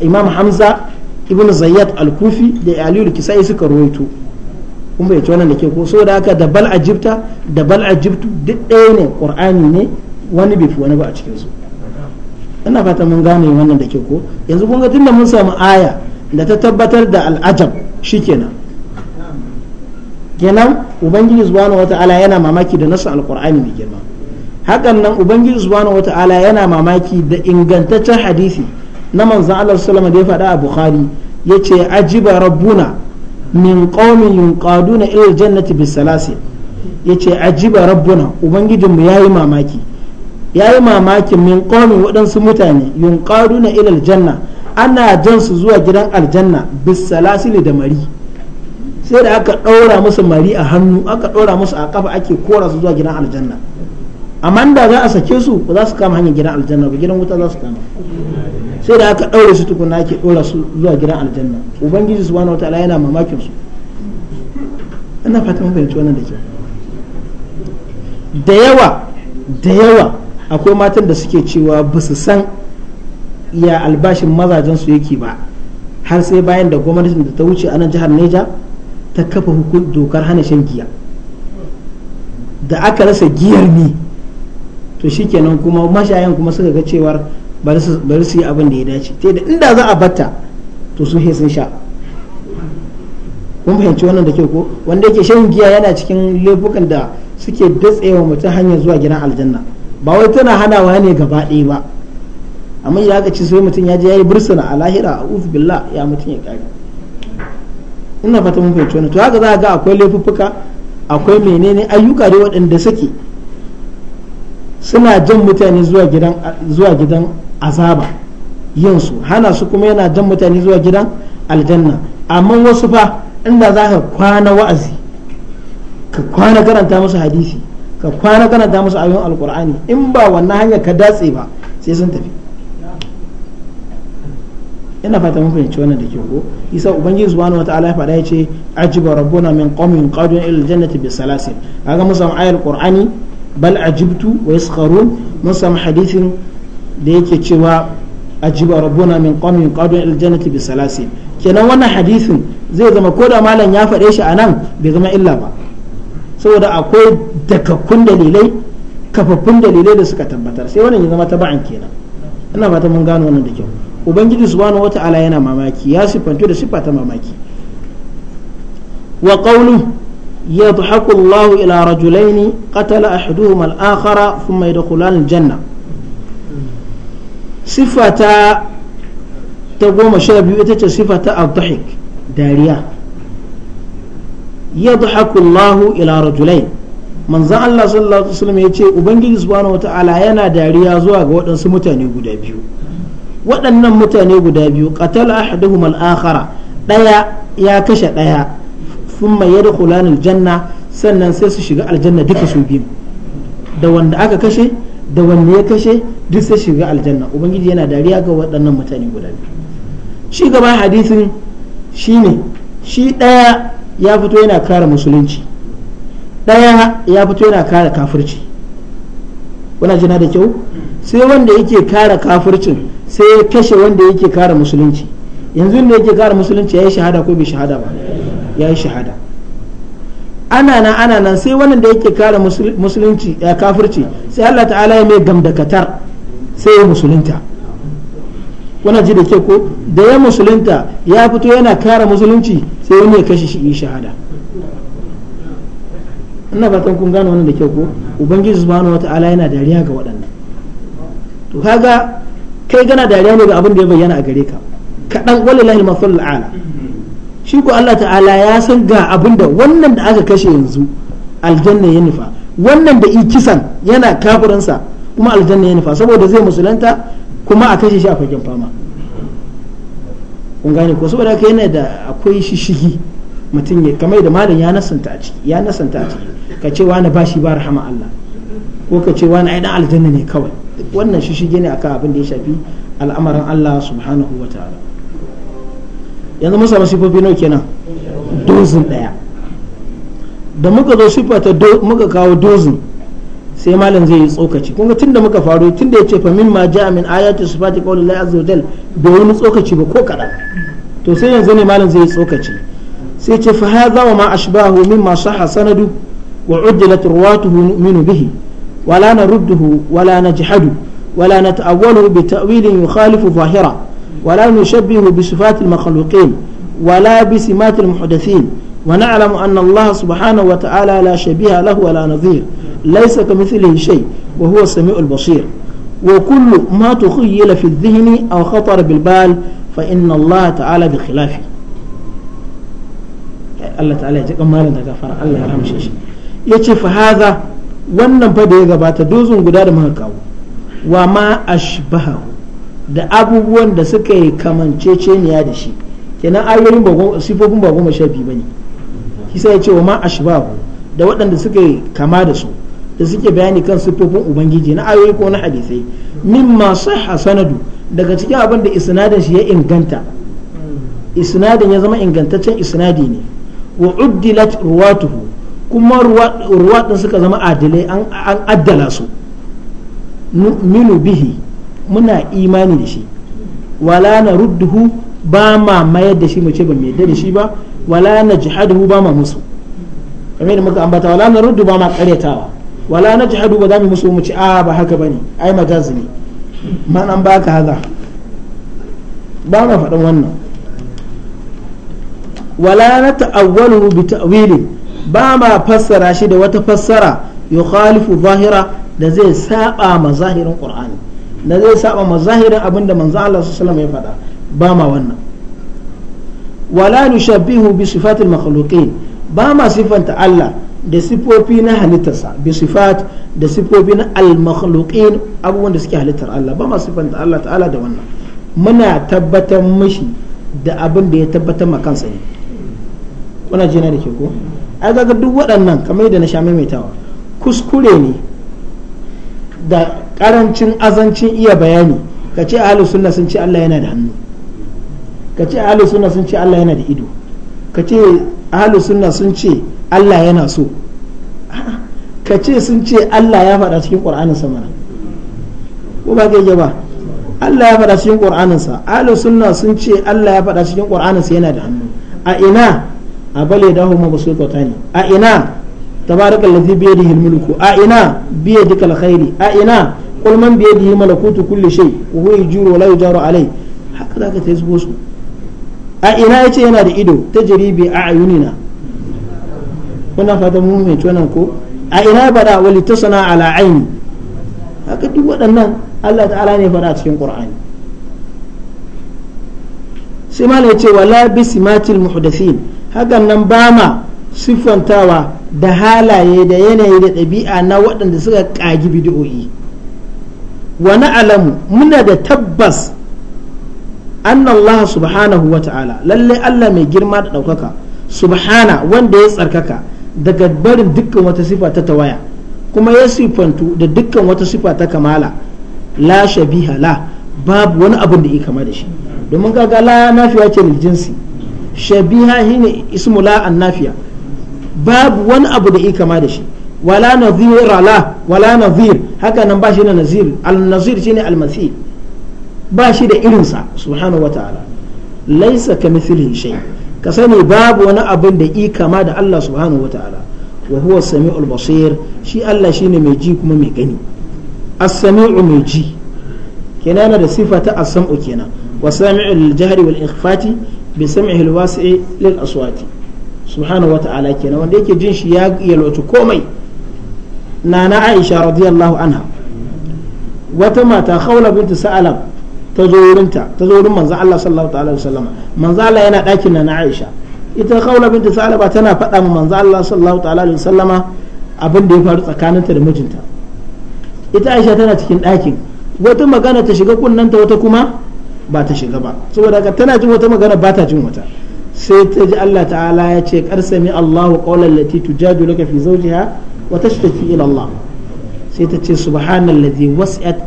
imam hamza ibn zayyad al-kufi da aliyu kisai suka rawaito kun bai wannan da ke ko da haka da bal ajibta da bal ajibtu duk ɗaya ne qur'ani ne wani bai fi wani ba a cikin su ina fata mun gane wannan da ke ko yanzu kun ga tunda mun samu aya da ta tabbatar da al'ajab shikenan kenan ubangiji subhanahu wata'ala yana mamaki da nasu al-qur'ani mai girma hakan nan ubangiji subhanahu wata'ala yana mamaki da ingantaccen hadisi na manzon Allah wasallam da ya faɗa a Bukhari yace ajiba rabbuna min qaumin yunqaduna ila jannati bisalasi ya ajiba rabbuna ubangijin mu yayi mamaki yayi mamakin min qaumin waɗansu mutane yunqaduna ila janna ana jan su zuwa gidan aljanna bisalasili da mari sai da aka ɗaura musu mari a hannu aka ɗaura musu a kafa ake kora su zuwa gidan aljanna amma da za a sake su ba za su kama hanyar gidan aljanna ba gidan wuta za su kama sai da aka ɗaure su tukuna ake ɗora su zuwa gidan aljanna ubangiji su subhanahu wataala yana mamakin su ina fatan mafi yanci wannan da ke da yawa da yawa akwai matan da suke cewa ba su san ya albashin mazajen su yake ba har sai bayan da gwamnatin da ta wuce a nan jihar Neja ta kafa dokar hana shan giya da aka rasa giyar ni to shikenan kuma mashayan kuma suka ga cewar bari su yi abin da ya dace te da inda za a batta to su sun sha kun fahimci wannan da ke ko wanda yake shan giya yana cikin laifukan da suke datsewa mutum hanyar zuwa gidan aljanna ba wai tana hanawa ne gaba ɗaya ba amma ya ga ci sai mutum ya je ya yi bursuna a lahira a ufi billah ya mutum ya kare ina fata mun fahimci wannan to haka za a ga akwai laifuka akwai menene ayyuka da waɗanda suke suna jan mutane zuwa gidan azaba yin su hana su kuma yana jan mutane zuwa gidan aljanna amma wasu fa inda za ka kwana wa'azi ka kwana karanta musu hadisi ka kwana karanta musu ayoyin alkur'ani in ba wannan hanyar ka datse ba sai sun tafi ina fata mun fahimci wannan da ke ko isa ubangiji subhanahu wataala ya faɗa ya ce ajiba rabbuna min qaumin qadun ila aljannati bi salasil kaga musamman ayar qur'ani bal ajibtu wa yaskharun mun samu hadithin da yake cewa ajiba rabbuna min qawmin qadu ila jannati bi salasin kenan wannan hadithin zai zama ko da malam ya faɗe shi anan bai zama illa ba saboda akwai dakakkun dalilai kafaffun dalilai da suka tabbatar sai wannan ya zama ta ba'an kenan ina fata mun gano wannan da kyau ubangiji subhanahu wata'ala yana mamaki ya sifantu da sifa ta mamaki wa qawlu يضحك الله إلى رجلين قتل أحدهما الآخر ثم يدخلان الجنة صفة تقوم شاب يؤتي صفة الضحك داريا يضحك الله إلى رجلين من زعل الله صلى الله عليه وسلم يتي وبنجي سبحانه وتعالى ينا داريا زوا غوتن سمتاني غدا بيو waɗannan mutane guda biyu qatal ahaduhum al-akhara daya ya kashe daya yadda kulanin aljanna sannan sai su shiga aljanna duka su biyu da wanda aka kashe da wanda ya kashe duk sai shiga aljanna ubangiji yana dariya ga waɗannan mutane guda biyu shi gaba hadisin shi ne shi ɗaya ya fito yana kara musulunci ɗaya ya fito yana kara kafirci wana jina da kyau sai wanda yake kara kafircin sai ya kashe wanda yake kara musulunci yanzu da yake kara musulunci ya yi shahada ko bai shahada ba ya yi shahada ana nan ana nan sai wannan da yake kare musulunci ya kafirci sai Allah ta'ala ya mai gamdakatar sai ya musulunta kuna ji da ke ko da ya musulunta ya fito yana kare musulunci sai wani ya kashe shi yi shahada ina fatan kun gane wannan da ke ko ubangiji subhanahu wata'ala yana dariya ga waɗannan to kaga kai gana dariya ne ga abin da ya bayyana a gare ka kaɗan walilahi masalul ala shi ko Allah ta'ala ya san ga abinda wannan da aka kashe yanzu aljanna ya nufa wannan da ikisan yana kafirinsa kuma aljanna ya nufa saboda zai musulanta kuma a kashe shi a fagen fama kun gane ko saboda haka yana da akwai shishigi mutum ya kamar da malam ya nasanta a ciki ya nasanta a ciki ka ce wani ba shi ba rahama Allah ko ka ce wani aidan aljanna ne kawai wannan shishigi ne akan abin da ya shafi al'amarin Allah subhanahu wa ta'ala yanzu mun samu sifofi nawa kenan dozin daya da muka zo sifa ta muka kawo dozin sai malam zai yi tsokaci kun ga tunda muka faro tunda ya ce fa min ma ja'a min ayati sifati qaulillahi azza wa da wani tsokaci ba ko kadan to sai yanzu ne malam zai yi tsokaci sai ce fa hadha wa ma ashbahu ma sahha sanadu wa uddilat ruwatuhu nu'minu bihi wala na narudduhu wala na jihadu wala na nata'awwalu bi ta'wilin yukhalifu zahira ولا نشبه بصفات المخلوقين ولا بسمات المحدثين ونعلم أن الله سبحانه وتعالى لا شبيه له ولا نظير ليس كمثله شيء وهو السميع البصير وكل ما تخيل في الذهن أو خطر بالبال فإن الله تعالى بخلافه Allah ta'ala ya ji kamarin da gafara Allah ya ramshe shi ya ce fa haza wannan fa da ya gabata dozin guda da muka kawo wa ma ashbahahu da abubuwan da suka yi kamanceceniya da shi kenan ayoyin ba sifofin ba goma sha biyu bane kisa ya ce wa ma ashbahu da waɗanda suka yi kama da su da suke bayani kan sifofin ubangiji na ayoyi ko na hadisai min masu hasanadu daga cikin abin da isnadin shi ya inganta isnadin ya zama ingantaccen isnadi ne wa uddilat ruwatuhu kuma ruwaɗin suka zama adilai an addala su minu bihi muna imani da shi wala na rudduhu ba ma mayar da shi mu ce ba mu yadda da shi ba wala na jihadu ba ma musu kamar da muka ambata wala na ruddu ba ma karyatawa wala na jihadu ba za mu musu mu ce a ba haka bane ai majaz ne man an baka haza ba ma faɗin wannan wala na ta'awwalu bi ta'wili ba ma fassara shi da wata fassara yukhalifu zahira da zai saba ma zahirin qur'ani na zai saba ma zahirin abin da manzo Allah sallallahu alaihi wasallam ya faɗa ba ma wannan wala nushabbihu bi sifatil makhluqin ba ma sifanta Allah da sifofi na halittarsa bi sifat da sifofi na al-makhluqin abubuwan da suke halittar Allah ba ma sifanta Allah ta'ala da wannan muna tabbatar mishi da abin da ya tabbatar ma kansa ne kuna jina da ke ko ai ga duk waɗannan kamar yadda na sha maimaitawa kuskure ne da karancin azancin iya bayani ka ce ahalus sunna sun ce Allah yana da hannu ka ce ahalus sunna sun ce Allah yana da ido ka ce ahalus sunna sun ce Allah yana so ka ce sun ce Allah ya faɗa cikin Qur'anin sa mana ko ba kai ba Allah ya faɗa cikin Qur'anin sa ahalus sunna sun ce Allah ya faɗa cikin Qur'anin sa yana da hannu a ina a bale da dahu mabsutatani a ina tabarakal ladhi bi yadihi al a ina bi yadika al a ina qul man bi yadihi malakutu kulle shai wa huwa yujru wa la yujaru alayh haka zaka ta zubo su a ina ce yana da ido tajri bi a'yunina wannan fata mu mai tunan ko a ina bada ta sana ala aini haka duk waɗannan Allah ta'ala ne fada cikin Qur'ani sai ma ce wala bi simatil muhdathin hakan nan ba ma siffantawa da halaye da yanayi da ɗabi'a na waɗanda suka ƙagi bidiyoyi wa na'lamu muna da tabbas Allah subhanahu wa ta'ala lalle Allah mai girma da ɗaukaka subhana wanda ya tsarkaka daga barin dukkan wata sifa ta tawaya kuma ya sifantu da dukkan wata sifa ta kamala la shabiha la babu wani abin da ya kama da shi domin kaga la nafiya ce lil jinsi shabiha shine ismu la an nafiya babu wani abu da ya kama da shi wala nazira la wala nazir haka nan ba shi da nazir al nazir shine al mathil ba shi da irinsa subhanahu wataala laisa ka mithlihi shay ka sani babu wani abin da i kama da Allah subhanahu wataala wa huwa samiul basir shi Allah shine mai ji kuma mai gani as-sami'u mai ji kenan yana da sifa ta as-sam'u kenan wa sami'u lil jahri wal ikhfati bi sam'ihi al wasi'i lil aswati subhanahu wataala kenan wanda yake jin shi ya yalwaci komai nana aisha radiyallahu anha wata mata khawla bintu sa'alam ta zo wurinta ta zo wurin manzo Allah sallallahu alaihi wasallam manzo Allah yana dakin nana aisha ita khawla bintu sa'alaba tana faɗa ma manzo Allah sallallahu alaihi wasallama abin da ya faru tsakaninta da mijinta ita aisha tana cikin dakin wata magana ta shiga kunnanta wata kuma ba ta shiga ba saboda haka tana jin wata magana ba ta jin wata sai ta ji Allah ta'ala ya ce karsami Allahu qawlan lati tujadiluka fi zawjiha wa tashtaki ila Allah sai ta ce subhanallazi was'at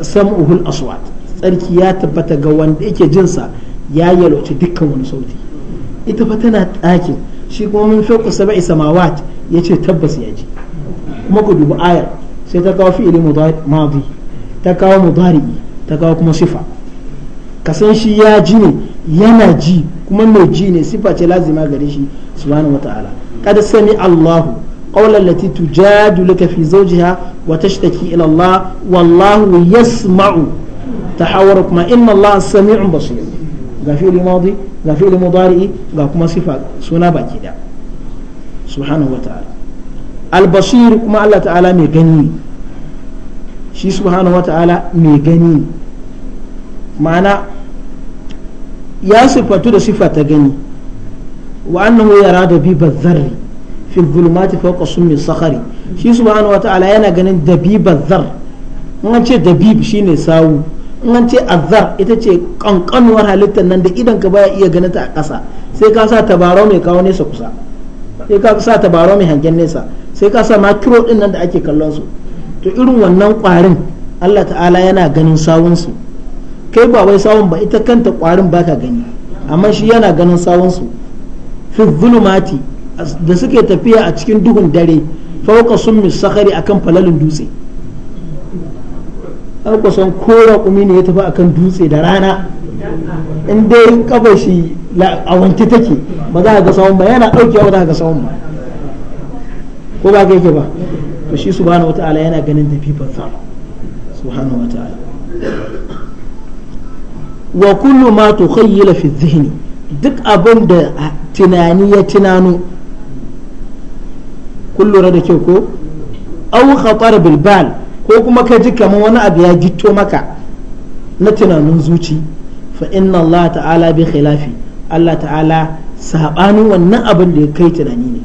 sam'uhu al-aswat tsarki ya tabbata ga wanda yake jinsa ya yalwace dukkan wani sauti ita fa tana ɗakin shi kuma min fauka sab'i samawat yace tabbas ya ji kuma ku dubi ayar sai ta kawo fi'ili madi ta kawo mudari ta kawo kuma sifa ka san shi ya ji ne yana ji kuma mai ji ne sifa ce lazima gare shi subhanahu wataala kada sami Allahu قول التي تجاد لك في زوجها وتشتكي إلى الله والله يسمع تحاوركما إن الله سميع بصير ga fi'li madi ga fi'li mudari'i ga kuma sifa suna baki da subhanahu kuma Allah ta'ala mai gani shi subhanahu wata'ala mai gani ma'ana ya sifatu da sifa ta gani wa yara da bi fi zulumati fawqa summi sakhari shi subhanahu wata'ala yana ganin dabiba zar in an ce dabib shine sawu in an ce azar ita ce kankanuwar halittar nan da idan ka baya iya ganin ta a ƙasa sai ka sa tabarau mai kawo nesa kusa sai ka sa tabarau mai hangen nesa sai ka sa makiro din nan da ake kallon su to irin wannan kwarin Allah ta'ala yana ganin sawun su kai ba wai sawun ba ita kanta kwarin baka gani amma shi yana ganin sawun su fi zulumati da suke tafiya a cikin duhun dare fauka sun misakari akan falalin dutse an kusan kora kumi ne ya tafi akan dutse da rana in dai kafa shi a wanke take ba za a ga sawon ba yana daukewa ba za a ga sawon ba ko ba ka yake ba to shi subhanahu ta'ala yana ganin tafifar sa subhanahu wataala wa kullu ma tukhayyala fi dhihni duk abin da tunani ya tunano kun lura da kyau ko au khatar bil ko kuma ka ji kamar wani abu ya jito maka na tunanin zuci fa inna Allah ta'ala bi khilafi Allah ta'ala sabanin wannan abin da kai tunani ne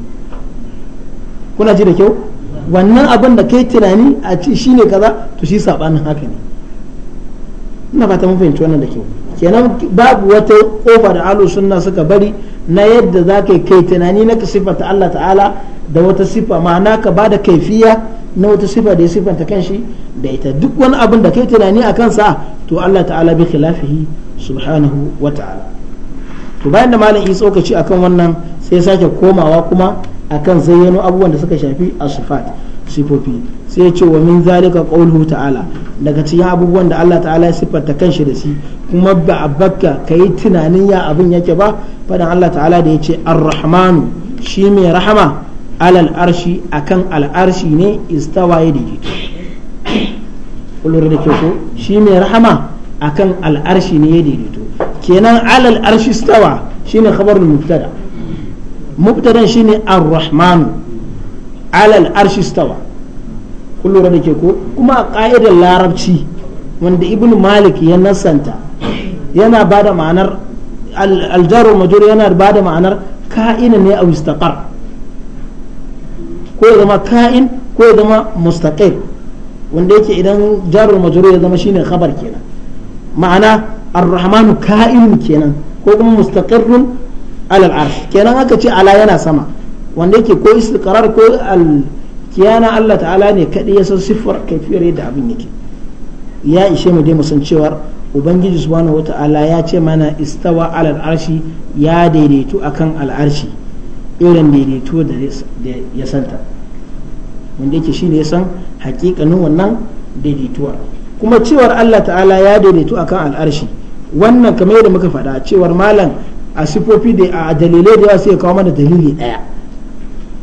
kuna ji da kyau wannan abin da kai tunani a ci shine kaza to shi sabanin haka ne ina fata mun fahimci wannan da kyau kenan babu wata kofa da alu sunna suka bari na yadda za ka kai tunani na ka siffata Allah ta'ala da wata siffa ma'ana ka ba da kaifiya na wata sifa da ya sifanta shi da ita duk wani abin da kai tunani a kansa to Allah ta'ala bi khilafihi subhanahu wa ta'ala to bayan da malam isa tsokaci akan wannan sai sake komawa kuma akan zayyano abubuwan da suka shafi asifat sifofi sai ya ce wa min zalika qawluhu ta'ala daga cikin abubuwan da Allah ta'ala ya siffanta shi da shi kuma ba abakka kai tunanin ya abin yake ba fadan Allah ta'ala da ya ce ar-rahmanu shi mai rahama alal arshi akan al'arshi ne istawa ya daidaito kullum da ke ko shi mai rahama akan al'arshi ne ya daidaito kenan alal arshi istawa shine khabarul mubtada mubtadan shine ar-rahman alal arshi istawa kullum da ke ko kuma a ka'idar larabci wanda ibn malik ya nasanta yana bada ma'anar aljaru majur yana bada ma'anar ka'ina ne a istaqar ko ya zama ka'in ko ya zama mustaqil wanda yake idan jarul majrur ya zama shine khabar kenan ma'ana ar-rahmanu ka'in kenan ko kuma mustaqirrun alal arsh kenan aka ce ala yana sama wanda yake ko istiqrar ko al kiyana Allah ta'ala ne kadai ya san siffar kaifiyar yadda abin yake ya ishe mu dai mu san cewar ubangiji subhanahu wata'ala ya ce mana istawa alal arshi ya daidaitu akan al arshi irin daidaito da ya santa wanda yake shi ya san hakikanin wannan daidaituwa kuma cewar Allah ta'ala ya daidaitu akan al'arshi wannan kamar yadda muka faɗa cewar malam a sifofi da a dalilai da yawa sai kawo mana dalili ɗaya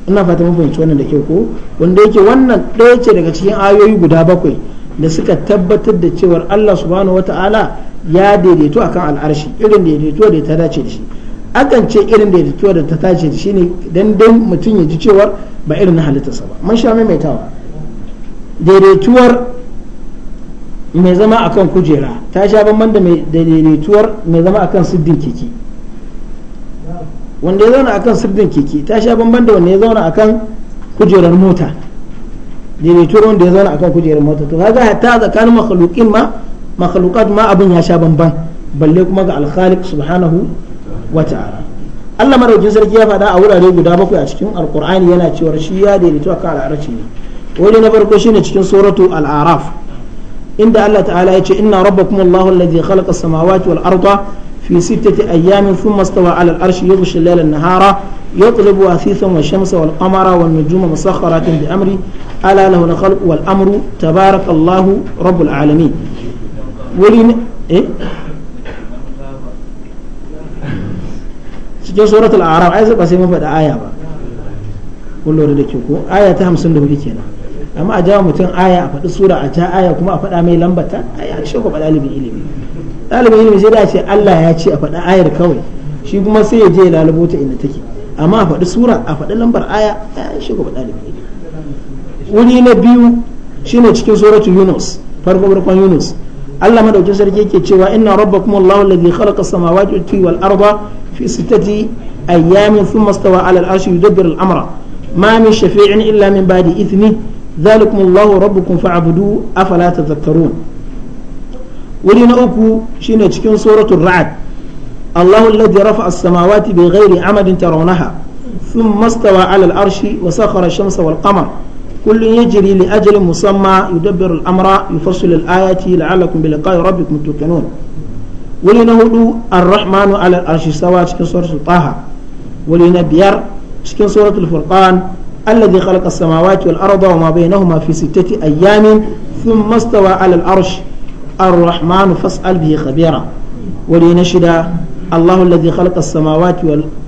ina fata mun fahimci wannan da kyau ko wanda yake wannan ɗaya ce daga cikin ayoyi guda bakwai da suka tabbatar da cewar Allah subhanahu wa ta'ala ya daidaito akan al'arshi irin daidaito da ta dace da shi akan ce irin da ya da ta tace shi ne dan dan mutum ya ji cewar ba irin na halittarsa ba mun sha maimaitawa daidaituwar mai zama akan kujera ta sha banban da daidaituwar mai zama akan siddin kiki wanda ya zauna akan siddin kiki ta sha banban da wanda ya zauna akan kujerar mota daidaituwar wanda ya zauna akan kujerar mota to kaga hatta tsakanin makhluqin ma makhluqat ma abin ya sha bamban balle kuma ga alkhaliq subhanahu wa Allah maraukin sarki ya faɗa a wurare guda bakwai a cikin alkur'ani yana cewa shi ya daidaito a kan al'arci ne wani na farko shine cikin suratu al'araf inda Allah ta'ala ya ce inna rabbakum Allahu alladhi khalaqa samawati wal arda fi sittati ayyamin thumma istawa 'ala al-arshi yughshi al-layla nahara yatlubu athithan wash-shamsa wal-qamara wan-nujuma musakhkharatin bi amri ala lahu al-khalqu wal-amru tabarakallahu rabbul alamin wani eh cikin suratul araf ai ba sai mun faɗa aya ba kun lura da ke ko aya ta 54 kenan amma a jawo mutum aya a faɗi sura a ja aya kuma a faɗa mai lambata ai an shi ba ɗalibin ilimi ɗalibin ilimi sai da ce Allah ya ce a faɗa ayar kawai shi kuma sai ya je ya lalubo ta inda take amma a faɗi sura a faɗi lambar aya ai an shi ba ɗalibin ilimi wuri na biyu shine cikin suratul yunus farko farkon yunus الله مدعو جسر جيكي وإن ربكم الله الذي خلق السماوات والأرض في ستة أيام ثم استوى على الأرش يدبر الأمر ما من شفيع إلا من بعد إثنه ذلكم الله ربكم فاعبدوه أفلا تذكرون ولينا أوكو شينا سورة الرعد الله الذي رفع السماوات بغير عمد ترونها ثم استوى على الأرش وسخر الشمس والقمر كل يجري لأجل مسمى يدبر الأمر يفصل الآيات لعلكم بلقاء ربكم توقنون ولنهدو الرحمن على الأرش سواء شكل سورة طه ولنبير شكل سورة الفرقان الذي خلق السماوات والأرض وما بينهما في ستة أيام ثم استوى على الأرش الرحمن فاسأل به خبيرا ولنشد الله الذي خلق السماوات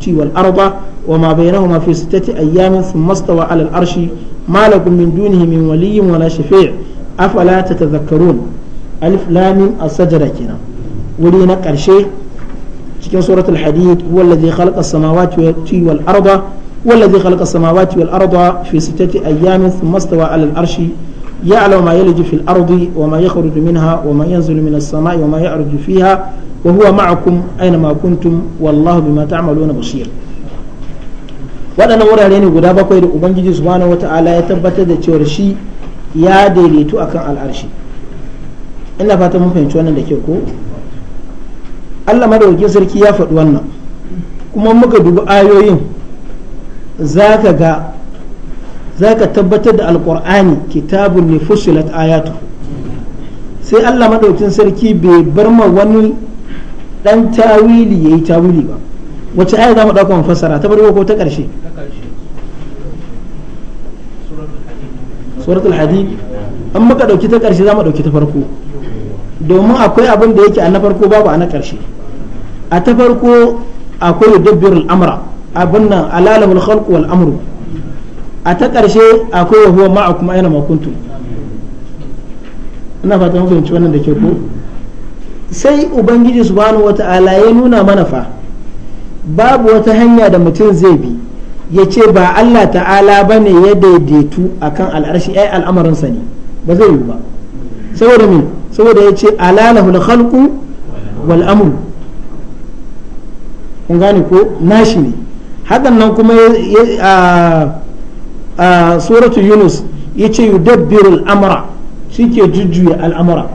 والأرض وما بينهما في ستة أيام ثم استوى على الأرش ما لكم من دونه من ولي ولا شفيع أفلا تتذكرون ألف لام السجدة كنا ولينا قرشي cikin surat al-hadid wallazi khalaqa as-samawati wal arda wallazi khalaqa as-samawati wal arda fi sittati ayyamin thumma istawa 'ala al-arshi يعلم ما يلج في الأرض وما يخرج منها وما ينزل من السماء وما يعرج فيها وهو معكم أينما كنتم والله بما تعملون بصير waɗannan wurare ne guda bakwai da ubangiji subhanahu wata'ala ya tabbatar da cewar shi ya daidaitu akan al'arshi ina fatan mun fahimci wannan da ke ko Allah madawakin sarki ya faɗi wannan kuma muka dubi ayoyin za ka ga za tabbatar da alkur'ani kitabun ne fusilat ayatu sai Allah madawakin sarki bai bar ma wani dan tawili yayi tawili ba wacce aya za mu ɗauka mu fassara ta farko ko ta ƙarshe suratul hadid an muka ɗauki ta ƙarshe za mu ɗauki ta farko domin akwai abin da yake a na farko babu a na ƙarshe a ta farko akwai yudabbirul amra abin nan alalahul khalqu wal amru a ta ƙarshe akwai wa huwa kuma aina ma kuntum ina fata mun fahimci wannan da ke ko sai ubangiji subhanahu wata'ala ya nuna mana fa babu wata hanya da mutum zai bi ya ce ba Allah ta'ala ba ne ya daidaitu a kan al'arshi ai al'amarinsa ne ba zai yi ba saboda me saboda ya ce alalahul khalqu wal amru kun gane ko nashi ne hakan nan kuma a suratu yunus ya ce yudabbiru al'amara shi ke jujjuya al'amara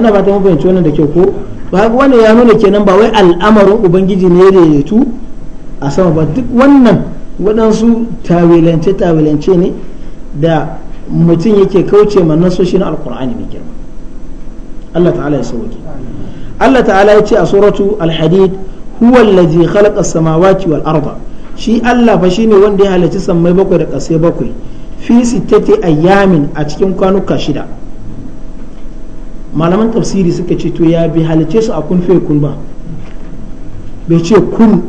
ina ba ta mafi wannan da ke ko ba wanda ya nuna kenan ba wai al'amarin ubangiji ne ya daidaitu a sama ba duk wannan waɗansu tawilance tawilance ne da mutum yake kauce ma nasoshi na alkur'ani mai girma Allah ta'ala ya sauke Allah ta'ala ya ce a suratu al-hadid huwa allazi khalaqa samawati wal arda shi Allah fa shine wanda ya halarci sammai bakwai da ƙasai bakwai fi sittati ayyamin a cikin kwanuka shida malaman tafsiri suka ce to ya bi halice su a kun kun ba bai ce kun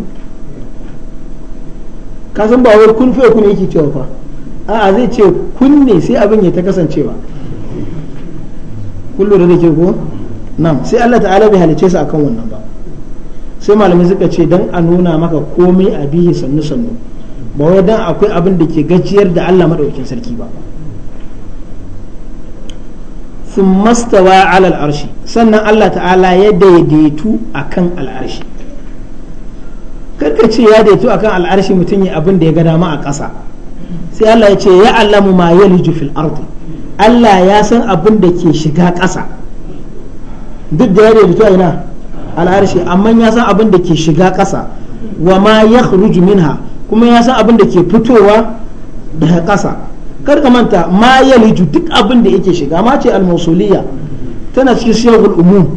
kasan ba wai kun kun yake cewa fa a'a zai ce kun ne sai abin ya ta kasancewa kullum da ke ko nan sai Allah ta'ala bai halice su akan wannan ba sai malamai suka ce dan a nuna maka komai a bihi sannu sannu ba wai dan akwai abin da ke gajiyar da Allah madaukakin sarki ba sun mastawa alal arshi sannan Allah ta'ala ya daidaitu a kan al'arshi ce ya daidaitu a kan al'arshi mutum ya abin da ya ga dama a ƙasa sai Allah ya ce ya allamu ma ya fil ardi Allah ya san abin da ke shiga ƙasa duk da ya daidaitu a ina al'arshi amma ya san abin da ke shiga ƙasa wa ma ya minha kuma ya san abin da ke fitowa daga ƙasa kar ka manta ma yaliju duk abin da yake shiga ma ce tana cikin siyahul umum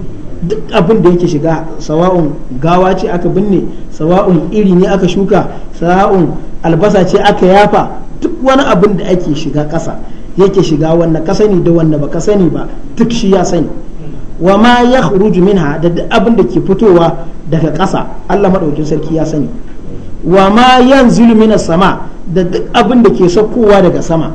duk abin da yake shiga sawa'un gawa ce aka binne sawa'un iri ne aka shuka sawa'un albasa ce aka yafa duk wani abin da ake shiga ƙasa yake shiga wannan ka sani da wannan ba ka sani ba duk shi ya sani wa ma ya minha da duk abin da ke fitowa daga ƙasa Allah maɗaukin sarki ya sani wa ma yanzilu minas sama da duk abin da ke saukowa daga sama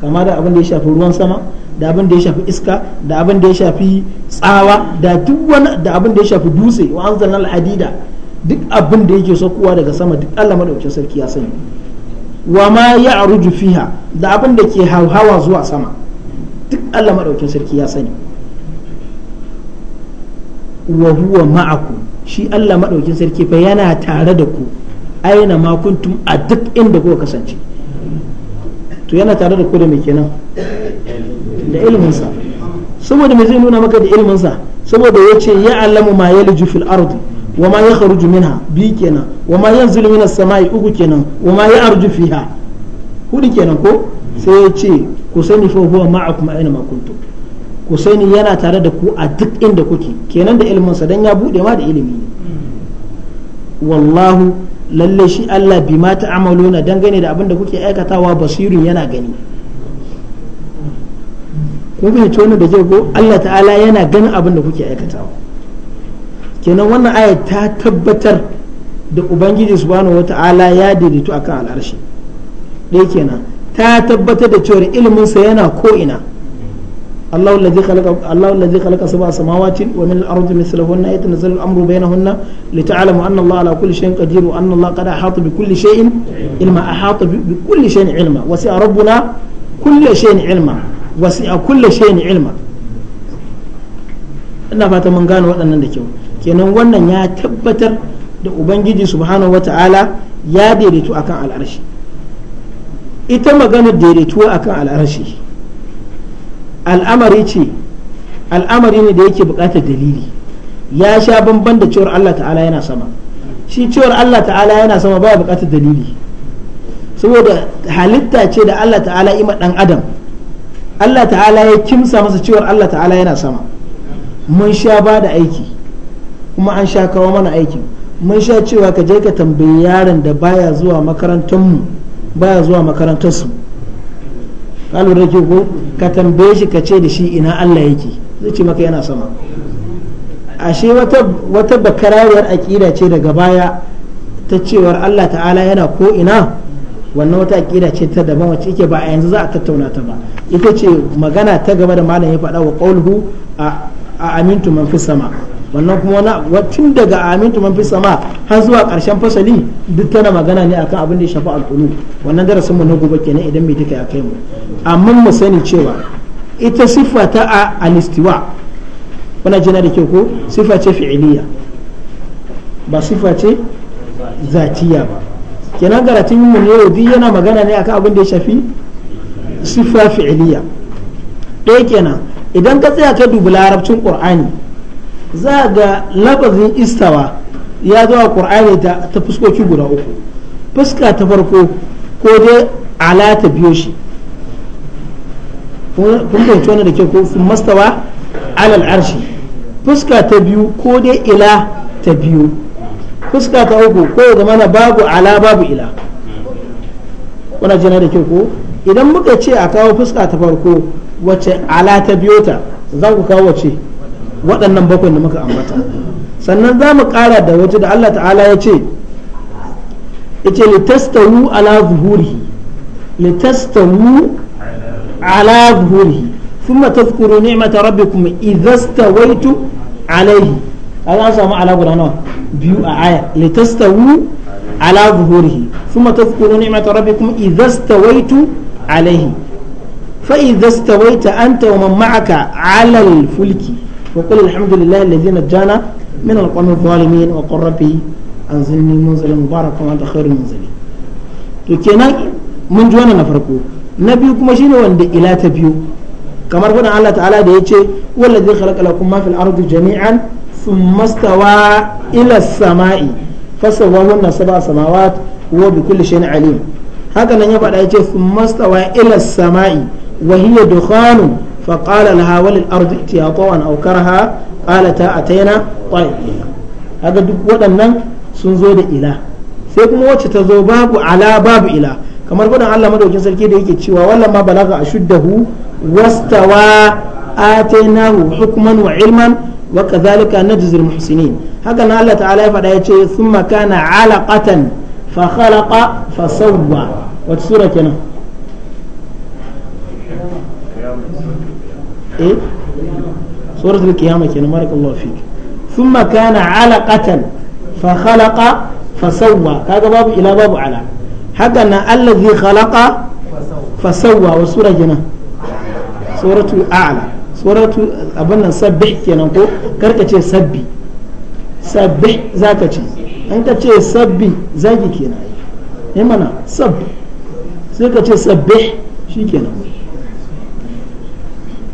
kama da abin da ya shafi ruwan sama da abin da ya shafi iska da abin da ya shafi tsawa da duk wani da abin da ya shafi dutse wa anzalna al-hadida duk abin da yake saukowa daga sama duk Allah madaukakin sarki ya sani wa ma ya'ruju fiha da abin da ke hawa zuwa sama duk Allah madaukakin sarki ya sani wa huwa ma'akum shi Allah madaukakin sarki fa yana tare da ku aina ma kuntum a duk inda kuka kasance to yana tare da ku da mai kenan da ilminsa saboda me zai nuna maka da ilminsa saboda ya ce ya alamu ma ya fil ardu wa ma ya kharuju minha bi kenan wa ma yanzilu minas sama'i uku kenan wa ma ya arju fiha hudu kenan ko sai ya ce ku sani fa huwa ma'akum aina ma kuntum ku sani yana tare da ku a duk inda kuke kenan da ilminsa dan ya bude ma da ilimi ne wallahu lalle shi Allah bi ma na dangane da abin da kuke aikatawa basirin yana gani kun fahimci wannan da ke ko Allah ta'ala yana ganin abin da kuke aikatawa kenan wannan aya ta tabbatar da ubangiji subhanahu wata'ala ya daidaito akan al'arshi ɗaya kenan ta tabbatar da cewar iliminsa yana ko ina الله الذي خلق الله الذي خلق سبع سماوات ومن الارض مثلهن يتنزل الامر بينهن لتعلموا ان الله على كل شيء قدير وان الله قد احاط بكل شيء علما احاط بكل شيء علما وسع ربنا كل شيء علما وسع كل شيء علما ina fata mun gane waɗannan da kyau kenan wannan ya tabbatar da ubangiji subhanahu wata'ala ya daidaitu akan al'arshi ita maganar daidaituwa akan al'arshi al'amari ce al'amari ne da yake buƙatar dalili ya sha bamban da cewar Allah ta'ala yana sama shi cewar Allah ta'ala yana sama baya buƙatar dalili saboda halitta ce da Allah ta'ala ima dan adam Allah ta'ala ya kimsa masa cewar Allah ta'ala yana sama mun sha ba da aiki kuma an sha kawo mana aiki mun sha cewa ka je ka tambayi yaron da baya zuwa makarantarmu baya zuwa makarantarsu kalu da ke ko ka tambaye shi ka ce da shi ina Allah yake zai ce maka yana sama ashe wata wata bakarawar aƙida ce daga baya ta cewar Allah ta'ala yana ko ina wannan wata aƙida ce ta daban wacce yake ba a yanzu za a tattauna ta ba ita ce magana ta gaba da malam ya faɗa wa qawluhu a amintu man fi sama wannan kuma wani tun daga amintu man fi sama har zuwa karshen fasali duk tana magana ne akan abin da ya shafi alƙulu wannan darasin mu na gobe kenan idan mai duka ya kai mu amma mu sani cewa ita siffa ta a alistiwa kuna jina da kyau ko siffa ce fi'iliya ba siffa ce zatiya ba kenan garatin mu yau duk yana magana ne akan abin da ya shafi siffa fi'iliya ɗaya kenan idan ka tsaya ka dubi larabcin qur'ani za ga labazin istawa ya zo a qur'ani ta ta fuskoki guda uku fuska ta farko ko dai ala ta biyo shi kun fahimci wannan da ke ko sun mastawa alal arshi fuska ta biyu ko dai ila ta biyu fuska ta uku ko da mana babu ala babu ila kuna jina da ke ko idan muka ce a kawo fuska ta farko wacce ala ta biyo ta zan ku kawo wacce waɗannan bakwai da muka ambata sannan za mu ƙara da waje da Allah ta'ala ya ce yace litastawu ala zuhurihi litastawu ala zuhurihi thumma tadhkuru ni'mata rabbikum idza stawaytum alayhi kaga an samu ala guda nawa biyu a aya litastawu ala zuhurihi thumma tadhkuru ni'mata rabbikum idza stawaytum alayhi fa idza stawaita anta wa man ma'aka ala al-fulki وقل الحمد لله الذي نجانا من القوم الظالمين وقل ربي أنزلني منزلا مباركا وأنت خير المنزلين to kenan mun ji wannan na farko na biyu kuma shine wanda ila ta biyu kamar gudun Allah ta'ala da ya ce wallazi khalaqa lakum ma fil ardi jami'an thumma stawa ila samai fasawwahunna sab'a samawat wa bi kulli shay'in alim haka nan ya faɗa ya ce thumma ila samai wa hiya فقال لها وللأرض ائتيا طوعا أو كرها قالتا أتينا طائعين هذا duk waɗannan sun zo da ila sai kuma wacce ta zo babu ala babu ila kamar gudun Allah madaukin sarki da yake cewa wallan ma balaga ashuddahu wastawa atainahu hukman wa ilman wa kadhalika najzi almuhsinin haka na Allah ta'ala ya ce yace thumma kana alaqatan fa khalaqa fa sawwa wata sura kenan eh suratul qiyama kenan barakallahu fik thumma kana alaqatan fa khalaqa fa sawwa kaga babu ila babu ala haka nan allazi khalaqa fa sawwa wa sura a'la suratul abin nan kenan ko karka ce sabbi sabbi zaka ce in ka ce sabbi zaki kenan eh sabbi sai ka ce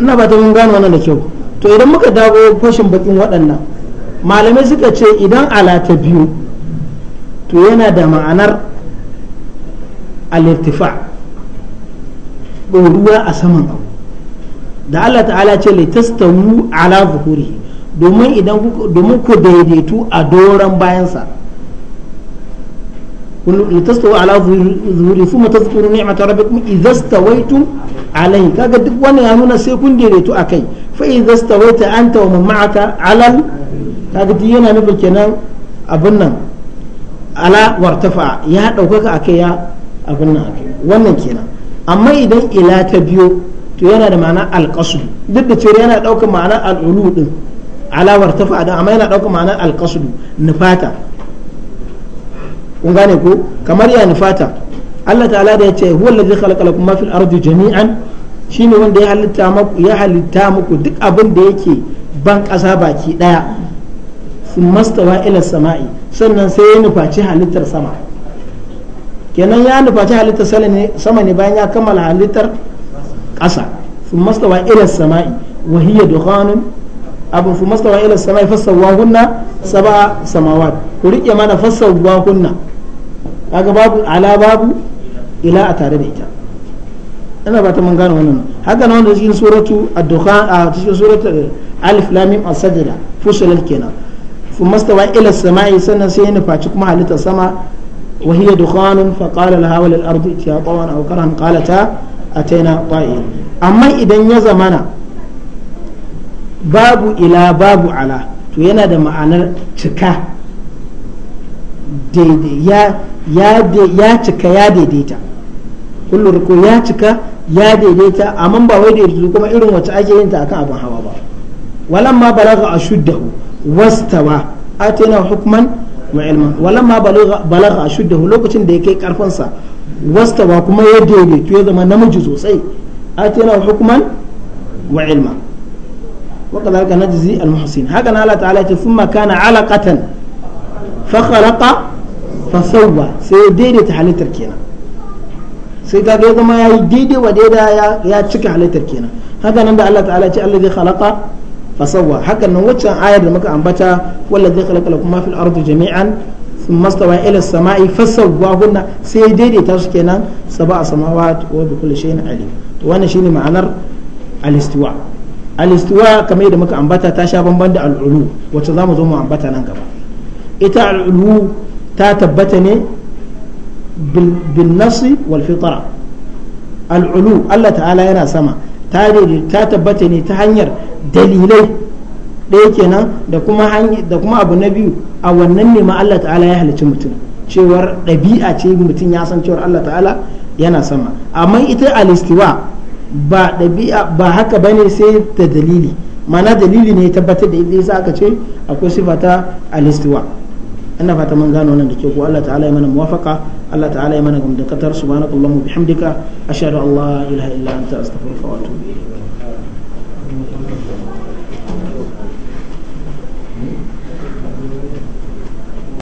ina ba ta mun gano wannan da kyau to idan muka dawo fashin bakin waɗannan malamai suka ce idan ala ta biyu to yana da ma'anar alirtifa ɗoruwa a saman abu da Allah ta'ala ce litastawu ala zuhuri domin idan domin ku daidaitu a doron bayansa litastawu ala zuhuri kuma tazkuru ni'mata rabbikum idza stawaitum alayhi kaga duk wani ya nuna sai kun daidaito a kai fa idza stawaita anta wa ma'aka alal kaga duk yana nufin kenan abin nan ala wartafa ya ɗaukaka a kai ya abin nan a kai wannan kenan amma idan ila ta biyo to yana da ma'ana alƙasu duk da cewa yana ɗaukar ma'ana al'ulu din ala wartafa din amma yana ɗaukar ma'ana alƙasu nufata kun gane ko kamar ya nufata Allah ta'ala da ya ce huwa allazi khalaqa lakum ma fil ardi jami'an shine wanda ya halitta muku ya halitta muku duk abin da yake ban ƙasa baki daya mastawa ila sama'i sannan sai ya nufaci halittar sama kenan ya nufaci halittar sama ne bayan ya kammala halittar ƙasa sun mastawa ila sama'i wa hiya dukhanun abin sun ila sama'i fassawa hunna saba samawat ku rike mana fassawa hunna kaga babu ala babu ila a tare da ita ina ba ta mun gane wannan haka nan da cikin suratu ad-dukhan a cikin suratu eh, alif lam mim as-sajda fusilat kenan thumma stawa ila as-sama'i sannan sai ya faci kuma halitta sama wa hiya dukhanun fa qala laha wal ardi ya tawan aw karahan qalata ataina ta'in amma idan ya zamana babu ila babu ala to yana da ma'anar cika daidai ya ya cika ya daidaita kullu ruku ya cika ya daidaita amma ba wai kuma irin wacce ake yin ta akan abin hawa ba walamma balagha ashuddahu wastawa atena hukman wa ilman walamma balagha ashuddahu lokacin da ya kai karfin sa wastawa kuma ya daidaitu ya zama namiji sosai atena hukman wa ilma وكذلك نجزي المحسنين هكذا الله تعالى ثم كان علقة فخلق فسوى سيدي تحليل تركينا sai ka ga zama ya yi daidai wa daida ya cika halittar kenan haka nan da Allah ta'ala ce Allah zai khalaqa fasawa haka nan waccan ayar da muka ambata walla zai khalaqa lakum ma fil ardi jami'an thumma stawa ila as-sama'i fasawwahunna sai daidaita su kenan sab'a samawat wa bi kulli shay'in alim to wannan shine ma'anar al-istiwa al-istiwa kamar yadda muka ambata ta sha bamban da al-ulu wacce zamu zo mu ambata nan gaba ita al-ulu ta tabbata ne بالنص والفطرة العلو الله تعالى يرى سما تاريخ تاتبتني تهنير دليلي ɗaya kenan da kuma da kuma abu na biyu a wannan ne Allah ta'ala ya halicci mutum cewar ɗabi'a ce mutum ya san cewar Allah ta'ala yana sama amma ita alistiwa ba ba haka bane sai da dalili mana dalili ne tabbatar da ita yasa ce akwai sifata alistiwa ina fata mun gano wannan da ke ko Allah ta'ala ya mana muwafaqa Allah ta'ala ya mana gamdakatar subhanakallahumma bihamdika ashhadu an la ilaha illa anta astaghfiruka wa atubu ilayk